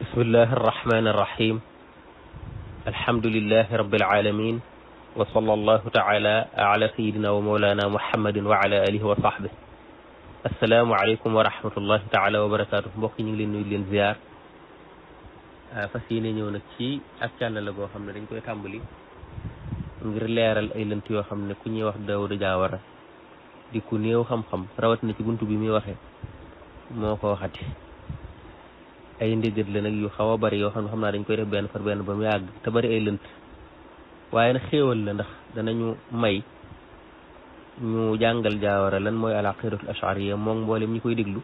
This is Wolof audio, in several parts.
bismillahi arrahmani arrahim alhamdulilahi rabbil alamin wa sallallahu taala ala sayidina wa mawlana muhammadin wa ala alihi wa sahbihi assalaamu aleykum wa rahmatullahi taala wa barakatuh mbokk ñu ngi leen nuyu leen ziar ah, fas yéene ñëw nag ci ak càlla la goo xam ne dañ koy tàmbali ngir leeral ay lënt yoo xam ne ku ñuy wax Daawuda Jaawara di ku néew xam-xam rawat na ci bunt bi muy waxee moo ko waxati ay ndéggat la nag yu xaw a bari yoo xam ne xam naa dañ koy def benn far benn ba mu yàgg te bari ay lënt waaye na xéewal la ndax danañu may ñu jàngal jaawara lan mooy al aqidatul ashariya moom mboolem ñi koy déglu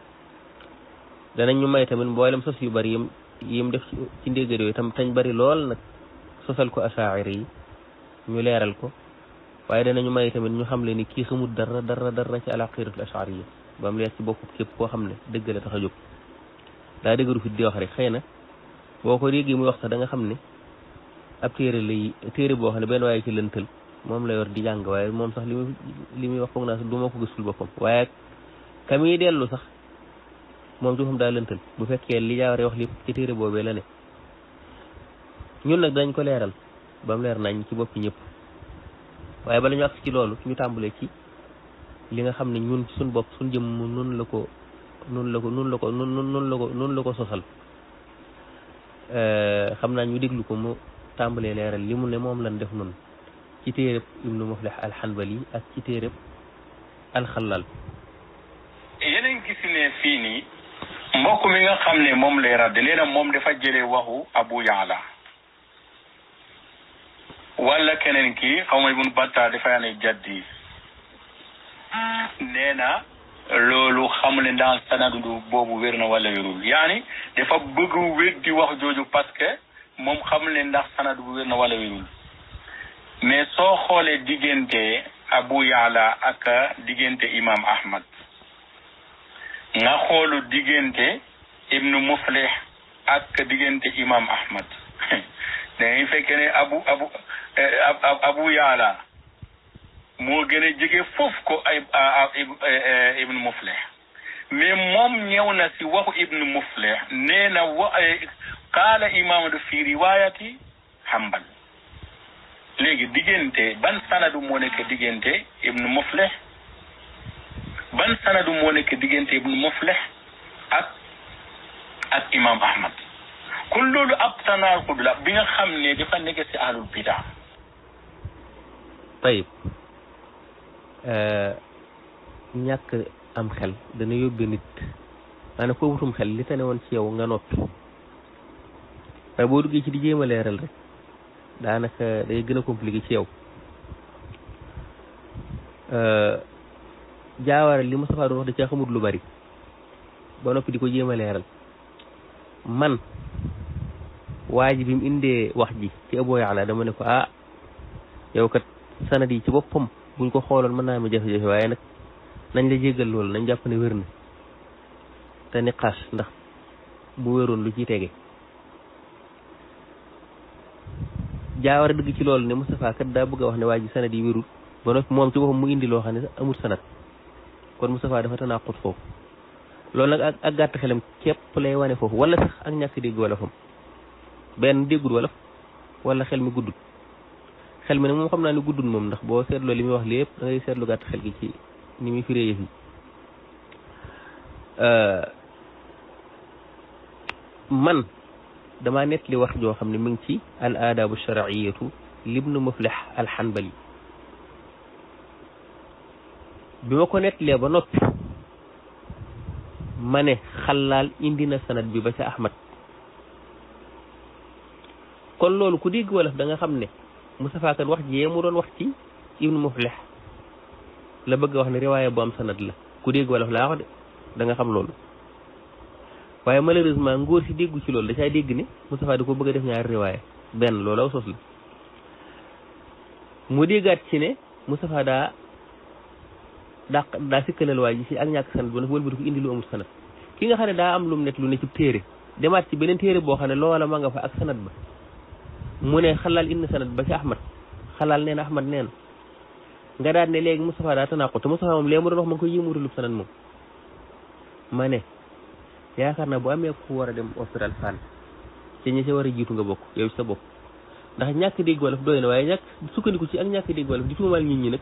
danañ ñu may tamit mboolem sos yu bari yim yim def ci ndéggat yooyu tam tañ bari lool nag sosal ko asaari yi ñu leeral ko waaye danañu may tamit ñu xam le ni kii xamul dara dara dara ci al aqidatul ashariya ba mu leer ci bopp képp koo xam ne dëgg la daa dëgëru fit di wax rek xëy na boo ko réegi muy wax sax da xam ne ab téere lay téere boo xam ne benn waaye ci lëntal moom la yor di jàng waaye moom sax li muy li muy wax foog naa sax du ma ko gisul boppam waaye ka dellu sax moom ci xam daa lëntal bu fekkee li jaaware wax lépp ci téere boobee la ne dañ ko leeral ba leer nañ ci boppi ñëpp waaye bala ñu ci loolu ñu tàmbalee ci li nga xam ne ñun suñ bopp suñ jëmm nun la ko noonu la ko noonu la ko noonu la ko noonu la ko sosal euh, xam naa ñu déglu ko mu tàmbalee leeral li mu ne moom lan def noonu ci téereb ibnu muflix alxanbali ak ci téereb alxalal yeneen gis ne fii nii mbokk mi nga xam ne moom lay radd leena moom dafa jëlee waxu abu yaala wala keneen kii xaw ma ibnu batta dafa ne jaddi nee loolu xamle dans sanadu boobu wér na wala wérul yaani dafa bëgg di wax jooju parce que moom xamle ndax sanadu bu wér na wala wérul mais soo xoolee diggante Abu Yaala ak diggante Imam Ahmad nga xoolu diggante Ibnu Muflih ak diggante Imam Ahmad dangay fekkee ne abu abu eh, abu Yaala moo gën a jege fof ko ay ibnu muflih mais moom ñëw na si waxu ibnu muflih nee na wa qaala imamadu fi riwayati hambal léegi diggante ban sanadu moo nekk diggante ibnu muflih ban sanadu moo nekk diggante ibnu muflih ak ak imam ahmad kon loolu ab tanaaqud la bi nga xam ne dafa nekk si ahlul bidaa tayib Euh, ñàkk am xel dana yóbbe nit maanaam koo wutum xel li woon ci yow nga noppi waaye boo duggee ci di jéem a leeral rek daanaka day gën a compliqué ci yow euh, jaawara li Moustapha doon wax da caa xamut lu bari ba noppi di ko jéem a leeral man waa ji bi indee wax ji ci Abu Yaala dama ne ko ah kat sanad ci boppam buñ ko xooloon mën naa am jafe-jafe waaye nag nañ la jéggal loolu nañ jàpp ne wér na te ni xas ndax bu wéroon lu ci tege jaawar dëgg ci lool ne Moustapha kat daa bëgg a wax ne waa ji sanad yi wérul ba noppi moom ci boppam mu indi loo xam ne amul sanad kon Moustapha dafa tanaqut foofu loolu nag ak gàtt xelam képp lay wane foofu wala sax ak ñàkk dégg wolofam benn déggul wolof walla xel mi guddul xel mi nag moom xam naa ne guddul moom ndax boo seetloo li muy wax lépp da ngay seetlu gàtt xel gi ci ni muy firee yëf yi euh, man damaa li wax joo xam ne mi ngi ci al aadaabu sharciyatu libnu muflix alxanbali bi ma ko nettalee ba noppi ma ne xalaal indi na sanad bi ba ca Ahmad kon loolu ku dégg wolof da nga xam ne Moustapha Kane wax jiyee mu doon wax ci Ibnu bëgg wax ne riwaaya bu am sanad la ku wolof laa da nga xam loolu waaye malheureusement ngóor si déggu ci loolu da dégg ne Moustapha ko bëgg a def ñaari riwaaya benn loolu aw sos la mu déggaat ci ne Moustapha daa daa daa sikkalal si ak ñàkk sanad ba nag wëlbati ko indi lu amul sanad ki nga xam ne daa am lu mu nekk lu ne ci téere demaat ci beneen téere boo xam ne loola ma nga fa ak sanad ba mu ne xalaal indi sanad ba ci ahmad xalaal nee na ahmad nee nga daal ne léegi Moustapha daa tanaqut te Moustapha moom lee mu doon wax ma ngi koy yëmutulub sanad moom ma ne yaakaar naa bu amee ku war a dem hôpital Fann ci ñi si war a jiitu nga bokk yow ci sa bopp ndax ñàkk dégg wolof doy na waaye ñàkk sukkandiku ci ak ñàkk dégg wolof di tuumaal nit ñi nag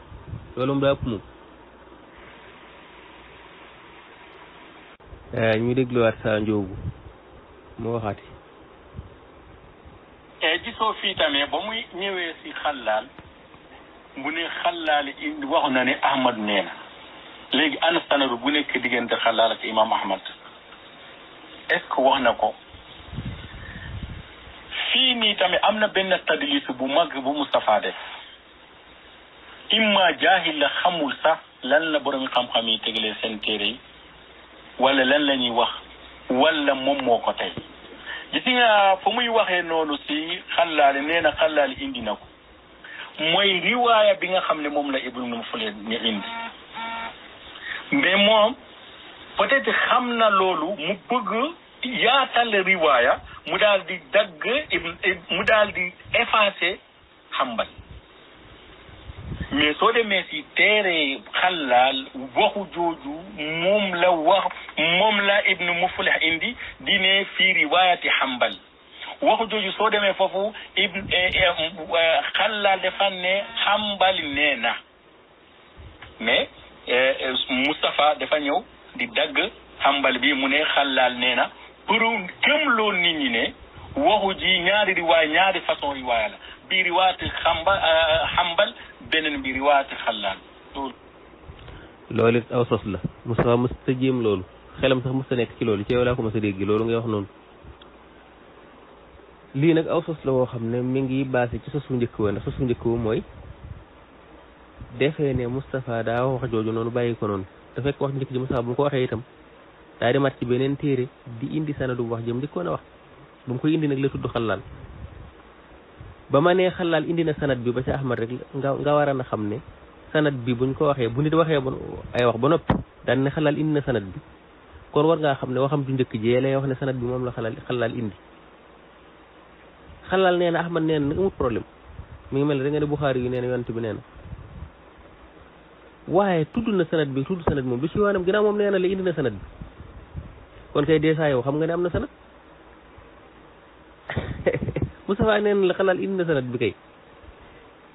loolu moom daa ëpp moom eh, ñu dégluwaat saa njoogu moo waxaati te eh, gisoo fii tamit ba muy ñëwee si xalaal mu ne xalaal wax na ne Ahmad nee na léegi ana sanadu bu nekk diggante xalaal ak imaam Ahmad est wax na ko fii nii tamit am na benn tadlis bu mag bu Moustapha def imma jaahil la xamul sax lan la borom xam-xam yi tegalee seen téere yi walla lan la ñuy wax wala moom moo ko tey. gis nga fa muy waxee noonu si xalaali nee na xalaali indi na ko mooy riwaaya bi nga xam ne moom la ibnu Fulayt ñu indi mais moom peut-être xam na loolu mu bëgg yaatal riwaaya mu daal di dagg mu daal di effacer xambal mais soo demee si téere xalaal waxu jooju moom la wax indi dine fii riwaayati xambal waxu jooju soo demee foofu ibn eh, eh, eh, xalaal dafa ne xambal nee na mais Moustapha dafa ñëw di dagg xambal bi mu ne xalal nee na pour gëmloo nit ñi ne waxu ji ñaari riwaay ñaari façon riwaaya la ɓi riwata hamba hambal euh, beneen bi riwata xallaan loolu loolu it aw sos la Moustapha mos ta loolu xelam sax mos nekk ci loolu ci laa ko mos a dégg wax noonu nag aw sos la woo xam ne mi ngi basé ci sos bu njëkk mooy defee ne Moustapha daa wax jooju noonu bàyyi ko noonu te fekk wax njëkk ji Moustapha bu mu ko waxee itam daa demaat ci beneen téere di indi sanadu wax jëm njëkkoon a wax bu mu koy indi nag la tudd xallaan ba ma nee xalaal indi na sanat bi ba ci ahmad rek nga nga war a xam ne sanat bi buñ ko waxee bu nit waxee ba ay wax ba noppi daan xalal indi na sanat bi kon war ngaa xam ne waxam ju njëkk jee lay wax ne sanat bi moom la xalaal xalaal indi xalaal nee na ahmad nee na nag amul problème mu ngi mel ne da nga ne buxaari yu nee na bi nee na waaye tudd na sanat bi tudd sanat moom lu ci yoonam ginnaaw moom nee na la indi na sanat bi kon kay dee saa yow xam nga ne am na sanat Moustapha nee na la xanaa indi sanad bi kay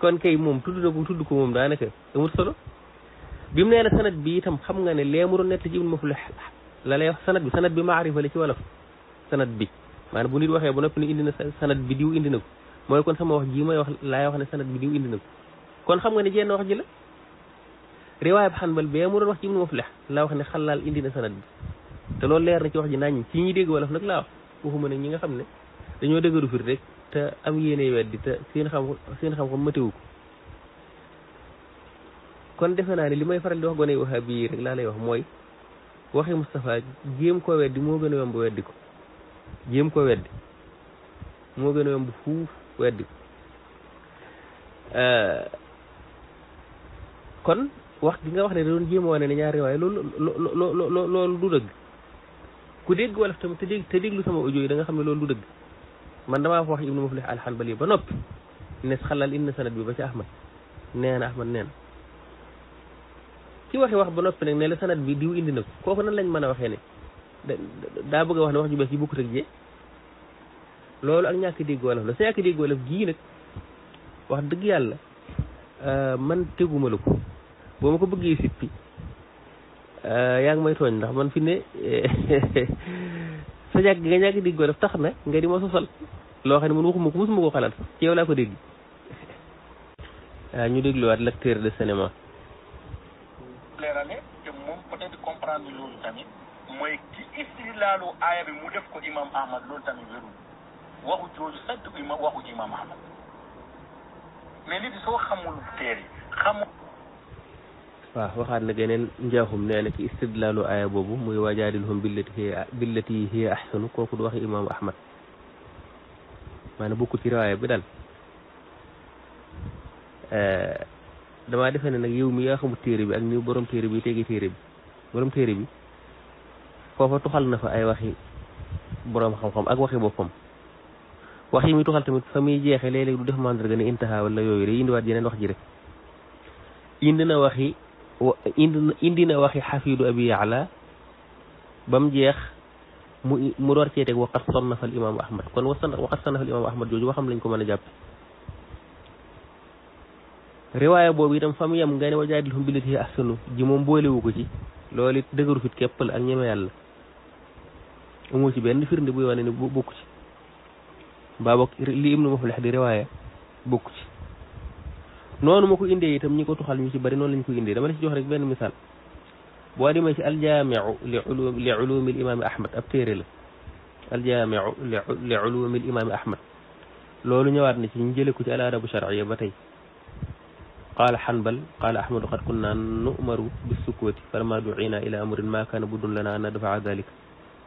kon kay moom tudd na ko tudd ko moom daanaka amul solo bi mu nee la sanad bi itam xam nga ne lee mu doon nett ci Ibn la lay wax sanad bi sanad bi ci wolof sanad bi maanaam bu nit waxee ba noppi ne indi na sanad bi diw indi na ko mooy kon sama wax jii may wax laay wax ne sanad bi diw indi na ko kon xam nga ne jenn wax ji la ba Hanbal bee mu doon wax ci Ibn Muflih laa wax ne xalaal indi na sanad bi te loolu leer na ci wax ji nañ ci ñuy dégg wolof nag laa wax waxuma ne ñi nga xam ne dañoo dëgëru fir te am yéeney weddi te seen xam seen xam-xam matewu ko kon defe naa ni li may faral di wax gone wahabi yi rek laa lay wax mooy waxi Moustapha jéem koo weddi moo gën a yomb weddi ko jéem koo weddi moo gën a yomb fuuf weddi ko euh, kon wax gi nga wax ne da doon jéem a wane ne ñaari waaye loolu loolu du dëgg ku dégg wolof tamit te dégg te déglu sama audio yi nga xam ne loolu du dëgg man damaa wax ibnu muflih alxanbali ba noppi nes xalal inna sanad bi ba ci ahmad nee na nee na ki waxi ba noppi nag ne la sanad bi diw indi na ko kooku nan lañ mën a waxee ne daa bëgg a wax ne wax ju bees yi bokkut ak loolu ak ñàkk dégg wolof la sa ñàkk dégg wolof gii nag wax dëgg yàlla euh, man teguma la ko boo ma ko bëggee sippi euh, yaa ngi may tooñ ndax man fi ne sa ñàkk nga ñàkk digg ko def tax na nga di ma sosal loo xam ne man waxuma ko mosuma ko xalaat ci yow laa ko dégg waaw ñu dégluwaat l'acteur de cinéma. leerale te moom peut comprendre loolu tamit mooy ki istilaalu aaya bi mu def ko imam ahmad loolu tamit wérul waxu jooju sax du imam waxu imam ahmad mais nit soo xamul teer yi xamul waaw waxaat na geneen njaaxum nee na ci istidlaalu aaya boobu muy wajaadilhum billati billati hiya ahsanu kooku du wax imaamu ahmad maanaam bokku ci riwaaya bi daal eh, damaa defee ne nag yow mi yaa xamul téere bi ak ni borom téere bi tegi téere bi téere bi foofa tuxal na fa ay waxi borom xam-xam ak waxi boppam wax yi muy tuxal tamit fa muy jeexe léeg-léeg du def mandarga ne intaha wala yooyu rek indiwaat yeneen wax ji waxi indi indi waxi xafidu abi yaala ba mu jeex mu mu door cee teg waqat sonnafa al imaamu ahmad kon wasan waqat sonnafa imaamu ahmad jooju waxam lañ ko mën a jàpp riwaaya boobu itam fa mu yem nga ne wa jaadilhum billatii hiya ahsanu ji moom boolewu ci loolit it dëgëru fit képp la ak ñeme yàlla amu ci benn firnde bu wane ne bokku ci mbaa bokk li ibnu di riwaaya bokku noonu ma ko indee itam ñi ko tuxal ñu ci bari noonu lañ ko indee dama la ci jox rek benn misaal boo demee ci aljaamiu li ulum li ulumi imaami ahmad ab téere la aljaamiu li ulumi imaami ahmad loolu ñëwaat na ci ñu jële ko ci al adabu sharciya ba tey qaala xanbal qaala ahmadu qad kunna nu'maru bissukooti falamma ducina ila amrin ma kaana budun lana an nadfaa dalika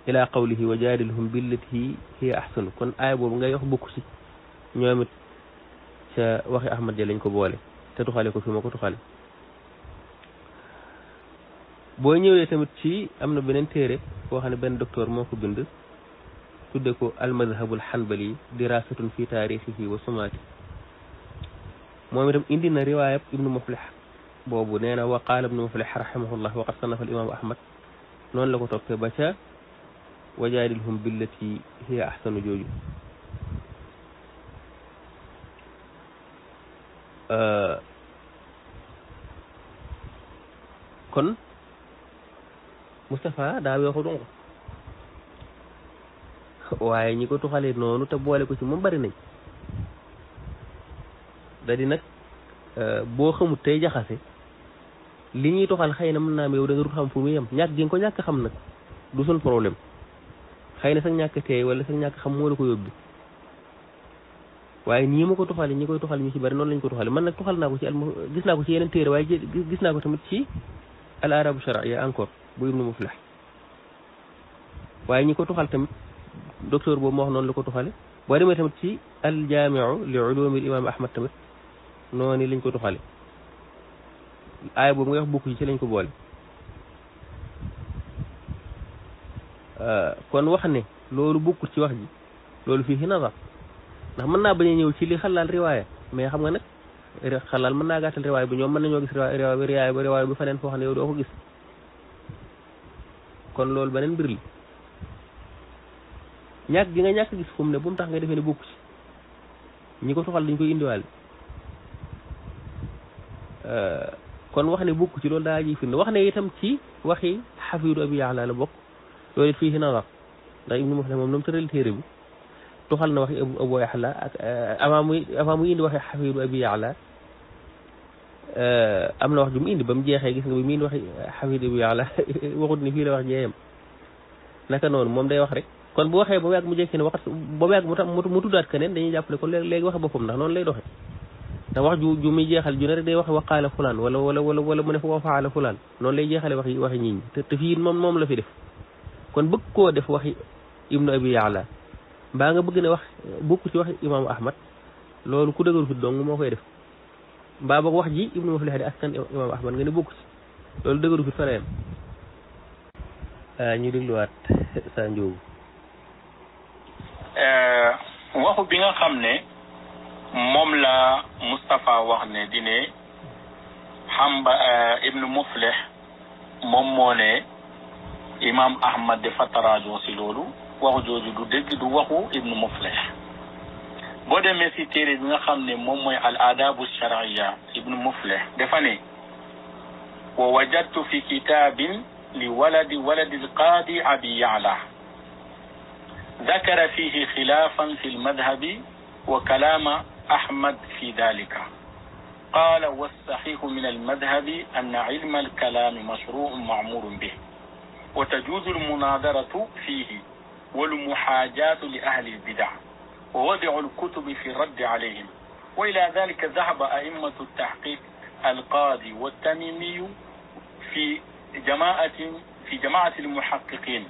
ila qawlihi wa jaadilhum billati hiya ahsanu kon aaya boobu ngay wax bokku ci ñoom it ca waxi ahmad ja lañ ko boole te tuxale ko fi ma ko tuxale boo ñëwee tamit ci am na beneen téere boo xam ne benn docteur moo ko bind tudde ko almadhabul xanbali dirasatun fi taarixihi wa sumaati moom itam indi na riwaayab ibnu muflix boobu nee na wa qaala ibnu muflix rahimahullah waqad sanafa alimaamu ahmad noonu la ko toppee ba ca wajaadilhum billati hiya ahsanu jooju Euh, kon Moustapha daa weexu dunq waaye ñi ko tuxalee noonu te boole ko ci moom bari nañ da nag euh, boo xamut tey jaxase li ñuy toxal xay na mun naa am yow da nga dul xam fu muy yem ñàkk gi nga ko ñàkk xam nag du suñ problème xëy na sax ñàkk teey wala sax ñàkk xam moo la ko yóbbu waaye nii ma ko tuxale ñi koy tuxal ñu ci bari noonu lañ ko tuxale man nag tuxal naa ko ci al gis naa ko ci yeneen téere waaye gis naa tamit ci al arabu encore bu ibnu muflih waaye ñi ko tuxal tamit docteur boobu moo wax noonu la ko tuxale boo demee tamit ci al jaamiu li ulumil imam ahmad tamit noonu lañ ko tuxale aaya boobu ngay wax bukk ci lañ ko boole euh, kon wax ne loolu bukkut ci wax ji loolu fii xi nazar ndax mën naa bañ a ñëw ci li xalaal riwaaya mais xam nga nag xalaal mën naa gàttal riwaaya bi ñoom mën nañoo gis riwaaya bi riwaaya bi riwaaya bi feneen foo xam ne yow doo ko gis kon loolu beneen mbir li ñàkk gi nga ñàkk gis xum ne bu mu tax nga defee ne bokku ci ñi ko soxal dañ koy indiwaale euh, kon wax ne bokku ci lool daa ji wax ne itam ci waxi xafidu abi yaala la bokk loolu it fii ci na wax ndax ibnu muslim moom noom tëral bi tuxal na waxi abu yaxla ak eh, avant muy avant muy indi waxi xafidu abi yaxla eh, am na wax ju mu indi ba mu jeexee gis nga bi mu indi waxi xafidu abi yaxla waxut ni fii la wax jeeyam naka noonu moom day wax rek kon bu waxee ba mu mu jékki ne waxat ba mu yàgg mu tam mu tuddaat keneen dañuy jàppale kon léegi waxi boppam ndax noonu lay doxee ndax wax ju ju muy jeexal ju ne rek day wax waqaala fulaan wala wala wala wala mu ne wa faala fulaan noonu lay jeexale waxi waxi ñit ñi te fii moom moom la fi def kon bëgg koo def waxi ibnu abi yaxla mbaa nga bëgg ne wax bokk ci wax imaamu ahmad loolu ku dëgër fit dong moo koy def mbaa boog wax ji ibnu maflih di askan imaamu ahmad nga ne bokk ci loolu dëgëru fit fa la yem ah, ñu dégluwaat sa njóobu eh, waxu bi nga xam ne moom la Moustapha wax ne di ne xamba eh, ibnu muflih moom moo ne imaam ahmad dafa taraajoo si loolu wax jooju du dëgg du waxu ibnu muflix boo demee si téere bi nga xam ne moom mooy al adabu sharia ibnu muflix dafa ne wa wajadtu fi kitabin li waladi waladi alqaadi abi yala ذكر فيه خلافا في المذهب وكلام أحمد في ذلك قال والصحيح من المذهب أن علم الكلام مشروع معمور به وتجوز المناظرة فيه والمحاجاة لأهل البدع ووضع الكتب في الرد عليهم وإلى ذلك ذهب أئمة التحقيق القاضي والتميمي في جماعة في جماعة المحققين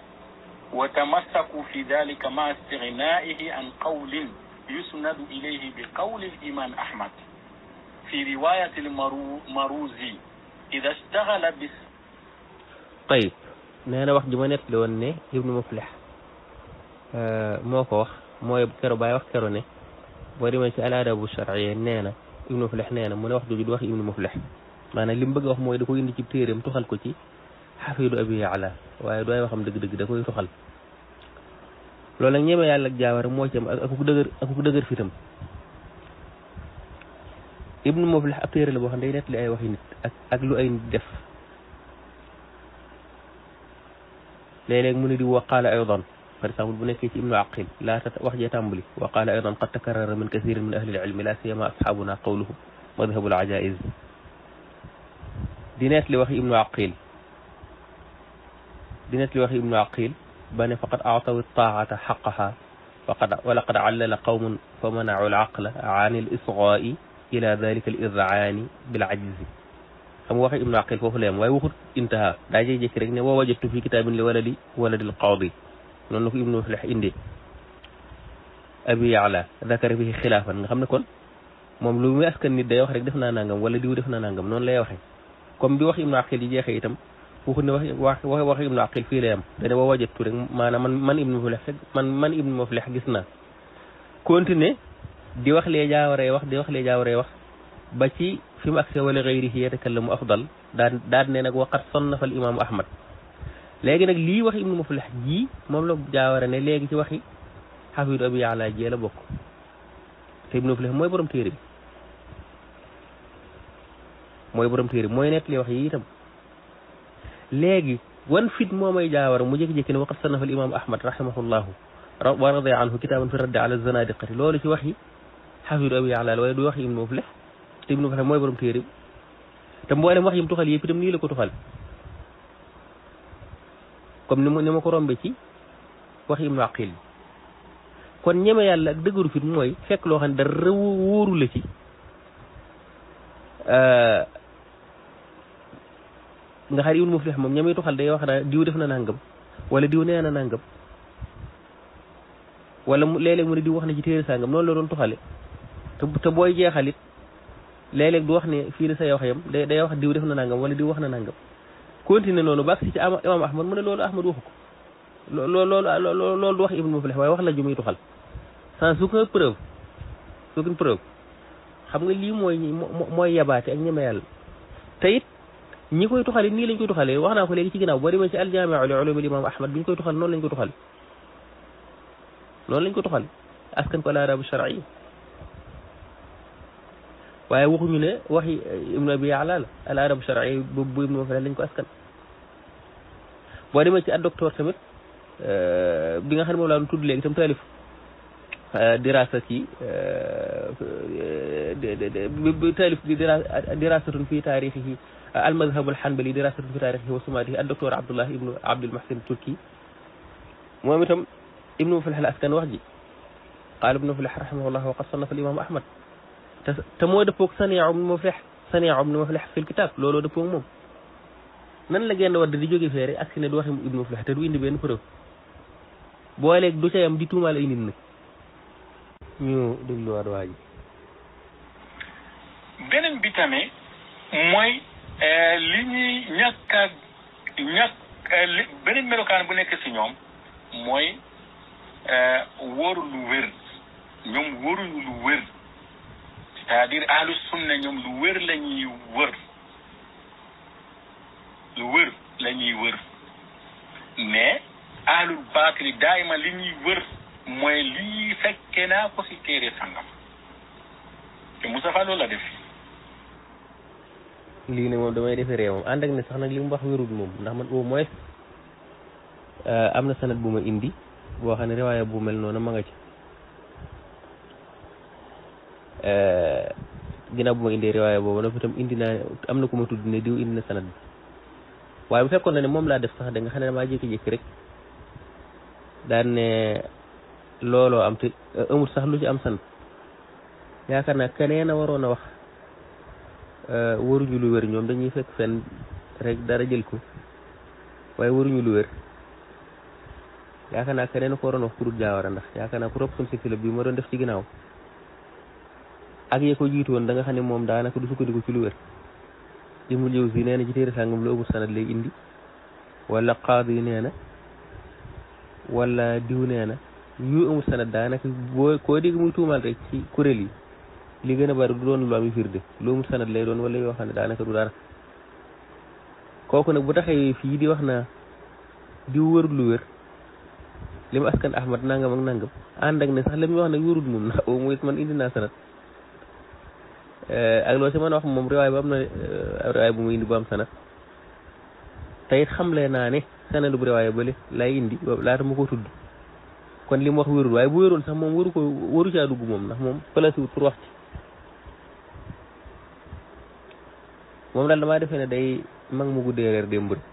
وتمسكوا في ذلك مع استغنائه عن قول يسند إليه بقول الإمام أحمد في رواية المروزي إذا اشتغل بس طيب ما أنا واحد ما لوني ابن مفلح moko wax moy kero bay wax kero ne bo demee ci al adabu shar'iyya neena ibnu fulah neena na mu ne wax dugi du wax ibnu muflex maanaam lim mu bëgg wax moy da ko indi ci terem tuxal ko ci hafidu abi ala waye du waxam deug deug da koy tuxal lolou nak ñeema yàlla ak jaaware mo ci am ak ku dëgër ak ku dëgër fitam ibnu muflex ak terel bo xam day net li ay waxi nit ak ak lu ay nit def léeg-léeg mu ne di waqaala aydan فرسام البنيكي ابن عقيل لا وحجة تنبلي وقال أيضا قد تكرر من كثير من أهل العلم لا سيما أصحابنا قوله مذهب العجائز دينات لوحي ابن عقيل دينات لوحي ابن عقيل بان فقد أعطوا الطاعة حقها فقد ولقد علل قوم فمنعوا العقل عن الإصغاء إلى ذلك الإذعان بالعجز أم وحي ابن عقيل فهو لهم ويوخر انتهى لا جي جي ووجدت في كتاب لولدي ولد القاضي noonu la ko ibnu Muflih indi abi yaala zakara bihi xilaafan nga xam ne kon moom lu muy askan nit day wax rek def naa nangam wala diw def na nangam noonu lay waxee comme bi wax ibnu aqil yi jeexee itam waxu ne wax wax wax ibnu aqil fii lay am dane wa wajattu rek maanaam man man ibnu Muflih man man ibnu Muflih gis naa continuer di wax lee jaawaree wax di wax lee jaawaree wax ba ci fi mu agsee wala xëyri yatakallamu afdal daan daan ne nag waqat sonnafa al imaamu ahmad léegi nag lii wax ibnu muflix ji moom la jaawara ne léegi ci waxi xafidu abi yàlla jee la bokk te ibnu muflix mooy borom téere bi mooy borom téere bi mooy wax yi itam léegi wan fit moomay jaawara mu jékki-jékki ne waqad sanafa al imam ahmad rahimahullahu wa radiya anhu kitaaban fi raddi ala zanadiqati loolu ci waxi xafidu abi yàlla waaye du waxi ibnu muflix te ibnu muflix mooy borom téere bi te mboolem wax yim tuxal yëpp itam nii la ko tuxal comme ni ma ni ma ko rombe ci wax Ibnu yi kon ñeme yàlla ak dëgëru fit mooy fekk loo xam ne dara wóoru la ci euh, nga xar Ibnu Muflix moom ñamay tuxal day wax naa diw def na nangam wala diw nee na nangam wala mu léeg-léeg mu diw wax na ci téere sàngam noonu la doon tuxale te te booy jeexalit léeg-léeg du wax ne fii la sa yox yam day wax diw def na nangam wala diw wax na nangam continué noonu ba agsi ci imam ahmad mu ne loolu ahmad waxu ko loolu loolu loolu wax ibnu muflih waaye wax la ju muy tuxal sans aucune preuve aucune preuve xam nga lii mooy mooy yabaate ak ñeme yàlla te it ñi koy tuxale nii lañ koy tuxale wax naa ko léegi ci ginnaaw boo demee ci aljaamiu li ulumil imam ahmad bi koy tuxal noonu lañ ko tuxale noonu lañ ko tuxal askan ko al arabu waaye waxuñu ne waxi ibn abi yaala la al arab shar'i bu bu mo fa lañ ko askan bo dem ci ak docteur tamit bi nga xam mo la laa doon tudd léegi tam euh dirasa ci euh de de bu talif di dirasa tun fi al al madhhab hanbali dirasa taarixihi المذهب الحنبلي دراسة في تاريخه وسماته الدكتور عبد الله ابن عبد المحسن التركي مهم ابن مفلح الأسكن وحدي قال ابن مفلح رحمه الله وقد صنف الإمام أحمد te te moo dëppoog saniyaa ibn Muflih saniyaa ibn Muflih fil kitaab looloo dëppoog moom nan la genn wadd di jóge feere ak si ne du waxi ibn Muflih te du indi benn preuve booleeg du cayam di tuumaal ay nit nag ñu dégluwaat waa ji beneen bi tamit mooy eh, li ñuy ñàkk a eh, beneen melokaan bu nekk si ñoom mooy eh, wóoru lu wér ñoom wóoruñu lu wér c'est-à-dire ahlu sunna ñoom lu wër la ñuy wër lu wër la wër mais ahlul baatili daayima li ñuy wër mooy lii fekke naa ko si téere sangam te Moustapha loolu la def lii ne moom damay defe réewam ànd ak ne sax nag li mu wax wérul moom ndax man au moins euh, am na sanat bu ma indi boo xam ne riwaaya bu mel noonu ma nga ci Euh, ginnaaw bu ma indee waaye boobu nag itam indi naa am na ku ma tudd diw indi na sanad bi waaye bu fekkoon na ne moom laa def sax da nga xam ne damaa jékki-jékki rek daan ne looloo am te euh, amul sax lu ci am sanad yaakaar naa keneen na waroon a wax euh, waruñu lu wér ñoom dañuy fekk fenn rek dara jël ko waaye waruñu lu wér yaakaar naa keneen ko waroon wax ku dul jaawara ndax yaakaar naa ku topp sam si bi ma de def ci ginnaaw ak ya ko jiitu woon da nga xam ne moom daanaka du sukkandiku ci lu wér imul jëw si nee na ci téere sàngam lu amul sanad lay indi wala qaadi nee na wala diw nee na yu amul sanad daanaka boo koo dégg muy tuumal rek ci kuréel yi li gën a bari du doon lu am firde lu amul sanad lay doon wala yoo xam ne daanaka du dara kooku nag bu taxee fii di wax na diw wërul lu wér li mu askan ahmad nangam ak nangam ànd ak ne sax la muy wax nag wérul moom na au moins man indi naa sanad Eh, ak loo si mën a wax moom riwaay bu am na eh, riwaay bu mu indi bu am sanad te it xamle naa ne lu bu riwaay bële lay indi laata ma ko tudd kon li mu wax wérul waaye bu wérul sax moom waru ko waru caa dugg moom ndax moom place wut pour wax ci moom daal damaa defee ne day mag mu guddee reer démb rek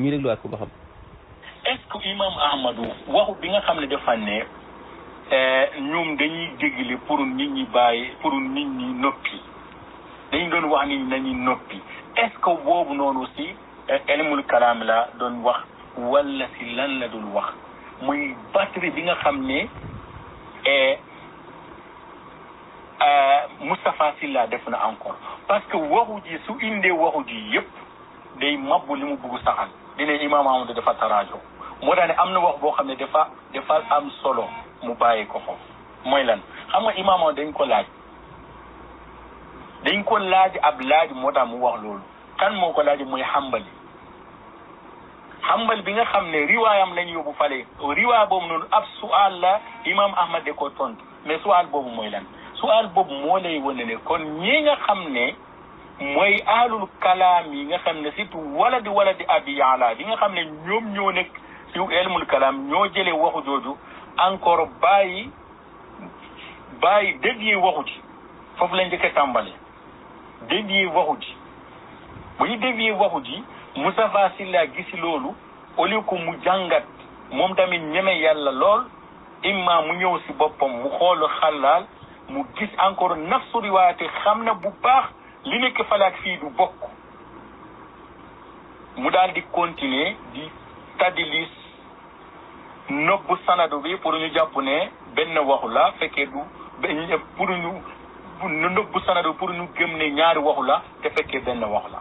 ñu dégluwaat ko ba xam. est imam Ahmadou waxu bi nga xam ne dafa ne Eh, ñoom dañuy dégle pour nit ñi bàyyi pour nit ñi noppi dañ doon wax nit ñi noppi est-ce que boobu noonu ci eh, ilmul kalaam la doon wax wala si lan la doon wax muy batterie bi nga xam ne eh, Moustapha Sylla def na encore parce que waxu ji su indee waxu ji yëpp day mabbu li mu bugg saxaan dina imaam Amadou dafa taraajo moo tax ne am na wax boo xam ne dafa dafa am solo mu bàyyi ko fa mooy lan xam nga imaamoon dañ ko laaj dañ ko laaj ab laaj moo tax mu wax loolu kan moo ko laaj muy xambali xambal bi nga xam ne riwaayam lañ yóbbu fale riwaay boobu noonu ab su'aal la imaam Ahmad de ko tontu mais su'aal boobu mooy lan su'aal boobu moo lay wane ne kon ñi nga xam ne mooy ahlul kalaam yi nga xam ne surtout wala di wala di abi yaala bi nga xam ne ñoom ñoo nekk ci ilmul kalaam ñoo jëlee waxu jooju encore bàyyi bàyyi dégg yi waxu ji foofu lañ njëkk tàmbali tàmbale dégg waxu ji bu ñu dégg yi waxu ci Moustapha Sylla gisi loolu au lieu mu jàngat moom tamit ñeme yàlla lool imma mu ñëw si boppam mu xool xalaal mu gis encore nafsu riwaayate xam na bu baax li nekk falaak fii du bokk mu daal di continuer di taddilis nëbbu sanadu bi pour ñu jàpp ne benn waxu la fekkee du benn pour ñu ñu nëbbu sanadu pour ñu gëm ne ñaari waxu la te fekkee benn waxu la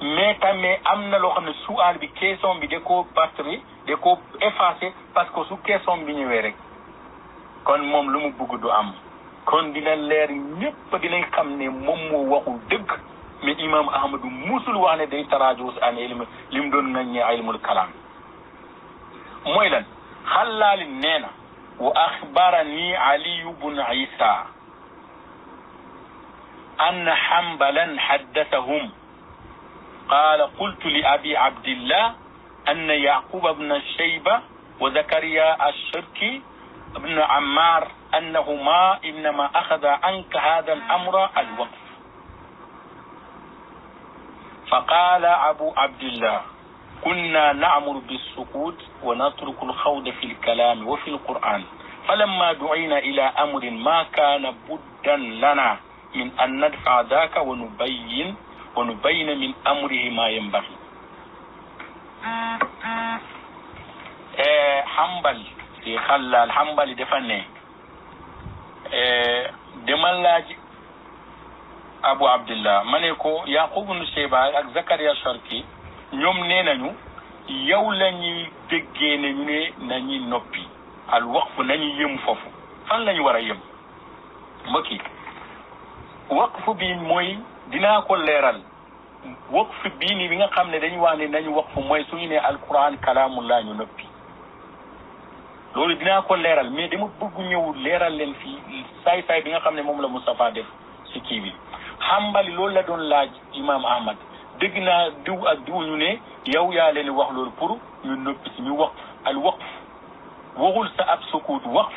mais tamit am na loo xam ne sual bi question bi de koo battre de koo effacé parce que su question bi ñëwee rek kon moom lu mu bugg du am kon dina leer ñëpp dinañ xam ne moom moo waxul dëgg mais imam ahmadu musul wax ne day taraajus an ilm li mu doon ngañ ay ilmul kalaam مويلن خلال نينا وأخبرني علي بن عيسى أن حنبلا حدثهم قال قلت لأبي عبد الله أن يعقوب بن شيبة وزكريا الشركي بن عمار أنهما إنما أخذ عنك هذا الأمر الوقف فقال أبو عبد الله كنا نعمر بالسكوت ونترك الخوض في الكلام وفي القرآن فلما دعينا إلى أمر ما كان بدا لنا من أن ندفع ذاك ونبين ونبين من أمره ما ينبغي إيه، حنبل في خلى الحنبل دفنه إيه، دمان لاجي أبو عبد الله منيكو يعقوب بن شيبة زكريا شرقي ñoom nee nañu yow la ñuy déggee ne ñu ne noppi al wax waqf nañu yëm foofu fan la wara war a yëm mbokk yi waqf bi mooy dinaa ko leeral waqf bii nii bi nga xam ne dañu wax ne nañu waqf mooy suñu ne alquran kalaamullah ñu noppi loolu dinaa ko leeral mais dama bëgg ñëw leeral leen fii saay-saay bi nga xam ne moom la Moustapha def ci kii bi xambali loolu la doon laaj imam Ahmad dégg naa diw ak diw ñu ne yow yaa leen wax loolu pour ñu noppi ñu waqf al waqf waxul sa ab sukuut waqf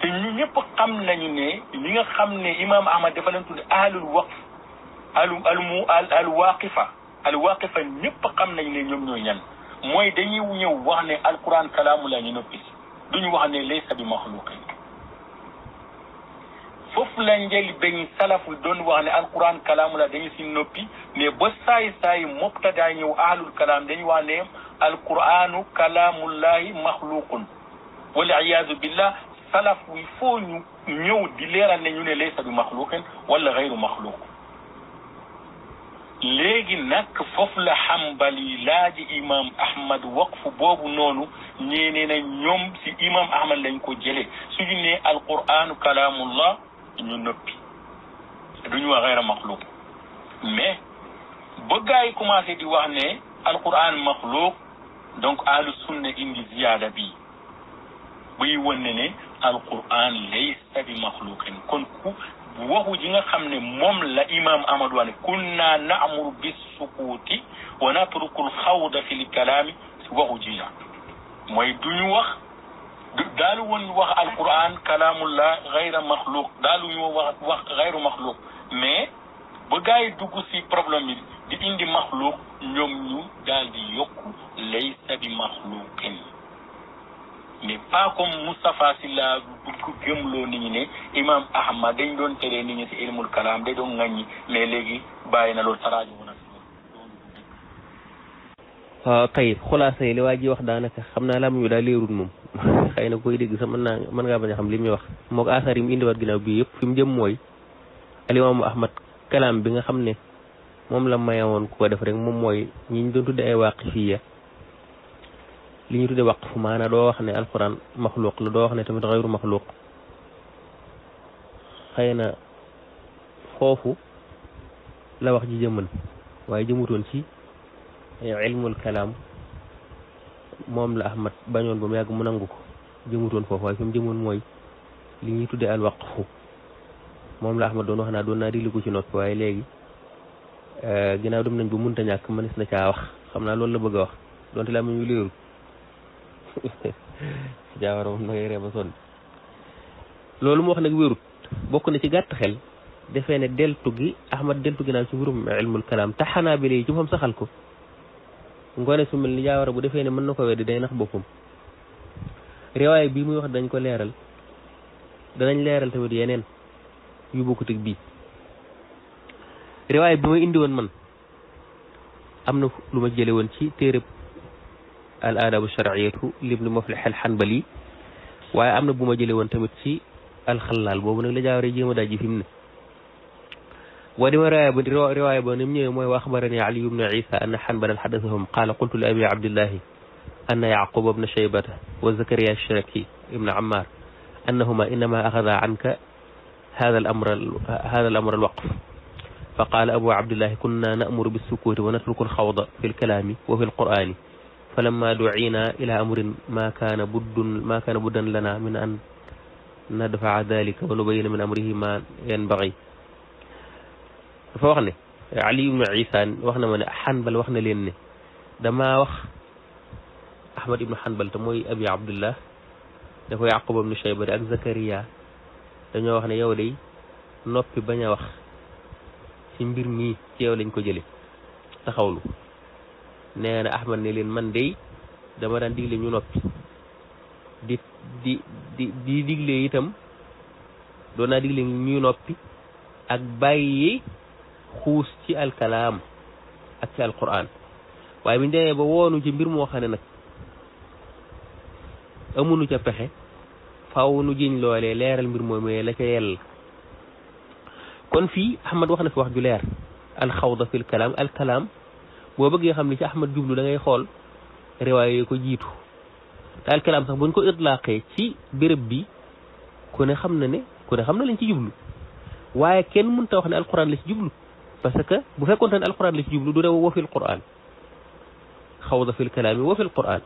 te ñu ñëpp xam nañu ne ñi nga xam ne imaam ahmad dafa leen tudd ahlul waqf al al mu al al waaqifa al waaqifa ñëpp xam nañu ne ñoom ñooy ñan mooy dañuy ñëw wax ne alquran kalaamu la ñu noppi si duñu wax ne laysa bi maxluqin foofu la njëlbéen salafu doon wax ne alquran kalaamu la dañu si noppi mais ba saay saay mubtadaa ñëw ahlul kalaam dañu wax ne alquranu kalaamullahi maxluqun wal iyaadu billah salaf il faut ñu ñëw di leeral ne ñu ne laysa bi maxluqin wala gayru maxluq léegi nag foofu la xambali laaji imam ahmad waqfu boobu noonu ñee nee na ñoom si imam ahmad lañ ko jëlee suñu ne alquranu kalaamullah ñu nëppi duñu wax xayra maxluuq mais ba gars yi commencé di wax ne alquran maxluuq donc ahlu sunna indi ziyaada bi buy wone ne alquran laysa bi maxluqin kon ku waxu ji nga xam ne moom la imam ahmad wax ne kunna naamuru bis sukuuti wa natruku alxawda fi lkalaami waxu ji la mooy duñu daalu woon wax alquran kalaamullah gayra maxluuq daalu ñu wax wax gayru maxluuq mais ba gars yi dugg si problème bi di indi maxluuq ñoom ñu daal di yokku laysa bi maxluuqin mais pas comme Moustapha Sylla bu gëmloo nit ñi ne imam ahmad dañ doon teree nit ñi si ilmul kalaam day doon ŋaññi mais léegi bàyyi na loolu taraaju ah, waa ji wax daanaka xam naa la mu ñu moom xëy na koy dégg sax mën naa mën ngaa bañ a xam li muy wax moo ko asar yi mu indiwaat ginnaaw bii yëpp fi mu jëm mooy alimaamu ahmad kalaam bi nga xam ne moom la mayewoon ku ko def rek moom mooy ñi ñu doon tudde ay waaqifiya li ñu tudde waqf maanaam doo wax ne alxuraan maxluuq la doo wax ne tamit xayru maxluuq xëy na foofu la wax ji jëman waaye jëmutoon ci ilmul kalaam moom la ahmad bañoon ba mu yàgg mu nangu ko jëmutoon foofu waaye fi mu jëmoon mooy li ñuy tuddee al waqfu moom la Ahmad doon wax naa doon naa diglu ko ci noppi waaye léegi euh, ginnaaw dem nañ ba munta ñàkk mënees na caa wax xam naa loolu la bëgg a wax donte laa mu léerul jaawara moom loolu mu wax nag wérut bokk na ci gàtt xel defee ne deltu gi Ahmad deltu gi naan ci wurum ilmul kalaam te xanaa bi léegi ci moom saxal ko ngoone su mel ni jaawara bu defee ne mën na ko weddi day nax boppam riwaya bi muy wax dañ ko leral dañ leral tamit yenen yu bokkut ak bi riwaya bi ma indi won man amna luma jële won ci tereb al aadabu sharciyatu libni muflix al xanbali waaye am na bu ma jële won tamit ci al khallal bobu nak la jaaware jema a daaj ji fi mu ne wa dima riwaaya ba riwaaya ba ni mu ñëwee mooy wa axbarani ali ibnu isa anna xanbalan xadasahum qaala qultu li abi abdillahi أن يعقوب بن شيبة وزكريا الشركي ابن عمار أنهما إنما أخذا عنك هذا الأمر هذا الأمر الوقف فقال أبو عبد الله كنا نأمر بالسكوت ونترك الخوض في الكلام وفي القرآن فلما دعينا إلى أمر ما كان بد ما كان بدا لنا من أن ندفع ذلك ونبين من أمره ما ينبغي dafa علي بن عيسان وخنا من حنبل وخنا ma دما وخ ahmad ibnu hanbal te mooy abi abdullah ne ko yaqub ibnu shayba ak zakariya dañoo wax ne yow day noppi bañ a wax ci mbir mii ci yow lañ ko jële taxawlu nee na ahmad ne leen man day dama daan digle ñu noppi di di di digle itam doona naa digle ñuy noppi ak bàyyi xuus ci alkalaam ak ci alquran waaye bi ñu ba woonu ci mbir moo xam amunu ca pexe faw nu jiñ loolee leeral mbir moomee la ca yell kon fii Ahmad wax na fi wax ju leer alxawda fil kalaam al kalaam boo bëggee xam ne ci Ahmad jublu dangay xool riwaay yi ko jiitu te al kalaam sax buñ ko itlaaqee ci béréb bi kone xam na ne ku xam na lañ ci jublu waaye kenn mënta wax ne alquran la ci jublu parce que bu fekkoon ne alquran la ci jublu du rew wa fil quran xawda fil kalaami wa fil quran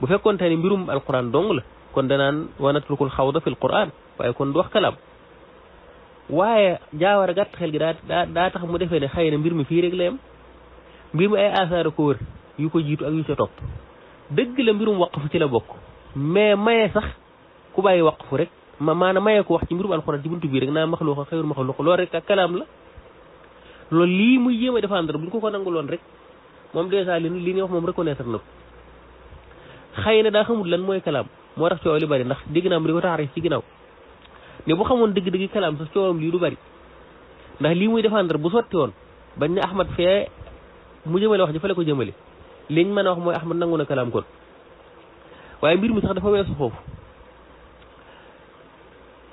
bu fekkoon te ni mbirum alquran dong la kon danaan wanatrukul xawda fil quran waaye kon du wax kalaam waaye jaawar a gàtt xel gi daa daa tax mu defee ne xëy na mbir mi fii rek la yem mbir mi ay asaara ko wër yu ko jiitu ak yu ca topp dëgg la mbirum waqfu ci la bokk mais maye sax ku bàyyi waqfu rek ma maanaam maye ko wax ci mbirum alxuraan ci buntu bii rek naa max xayru maxluuq loolu rek ak kalaam la loolu lii muy yéem a défendre bu ñu ko ko nanguloon rek moom dèjà li li ñuy wax moom reconnaître na ko xëy na daal xamul lan mooy kalaam moo tax coow li bari ndax dégg naa mu di ko taxare ci ginnaaw ne bu xamoon dëgg-dëgg kalaam soo coowam lii du bari ndax lii muy défendre bu sotti woon bañ ne Ahmad fee mu jëmale wax ji fa ko jëmale liñ mën a wax mooy Ahmad nangu na kalaam kon waaye mbir mi sax dafa weesu foofu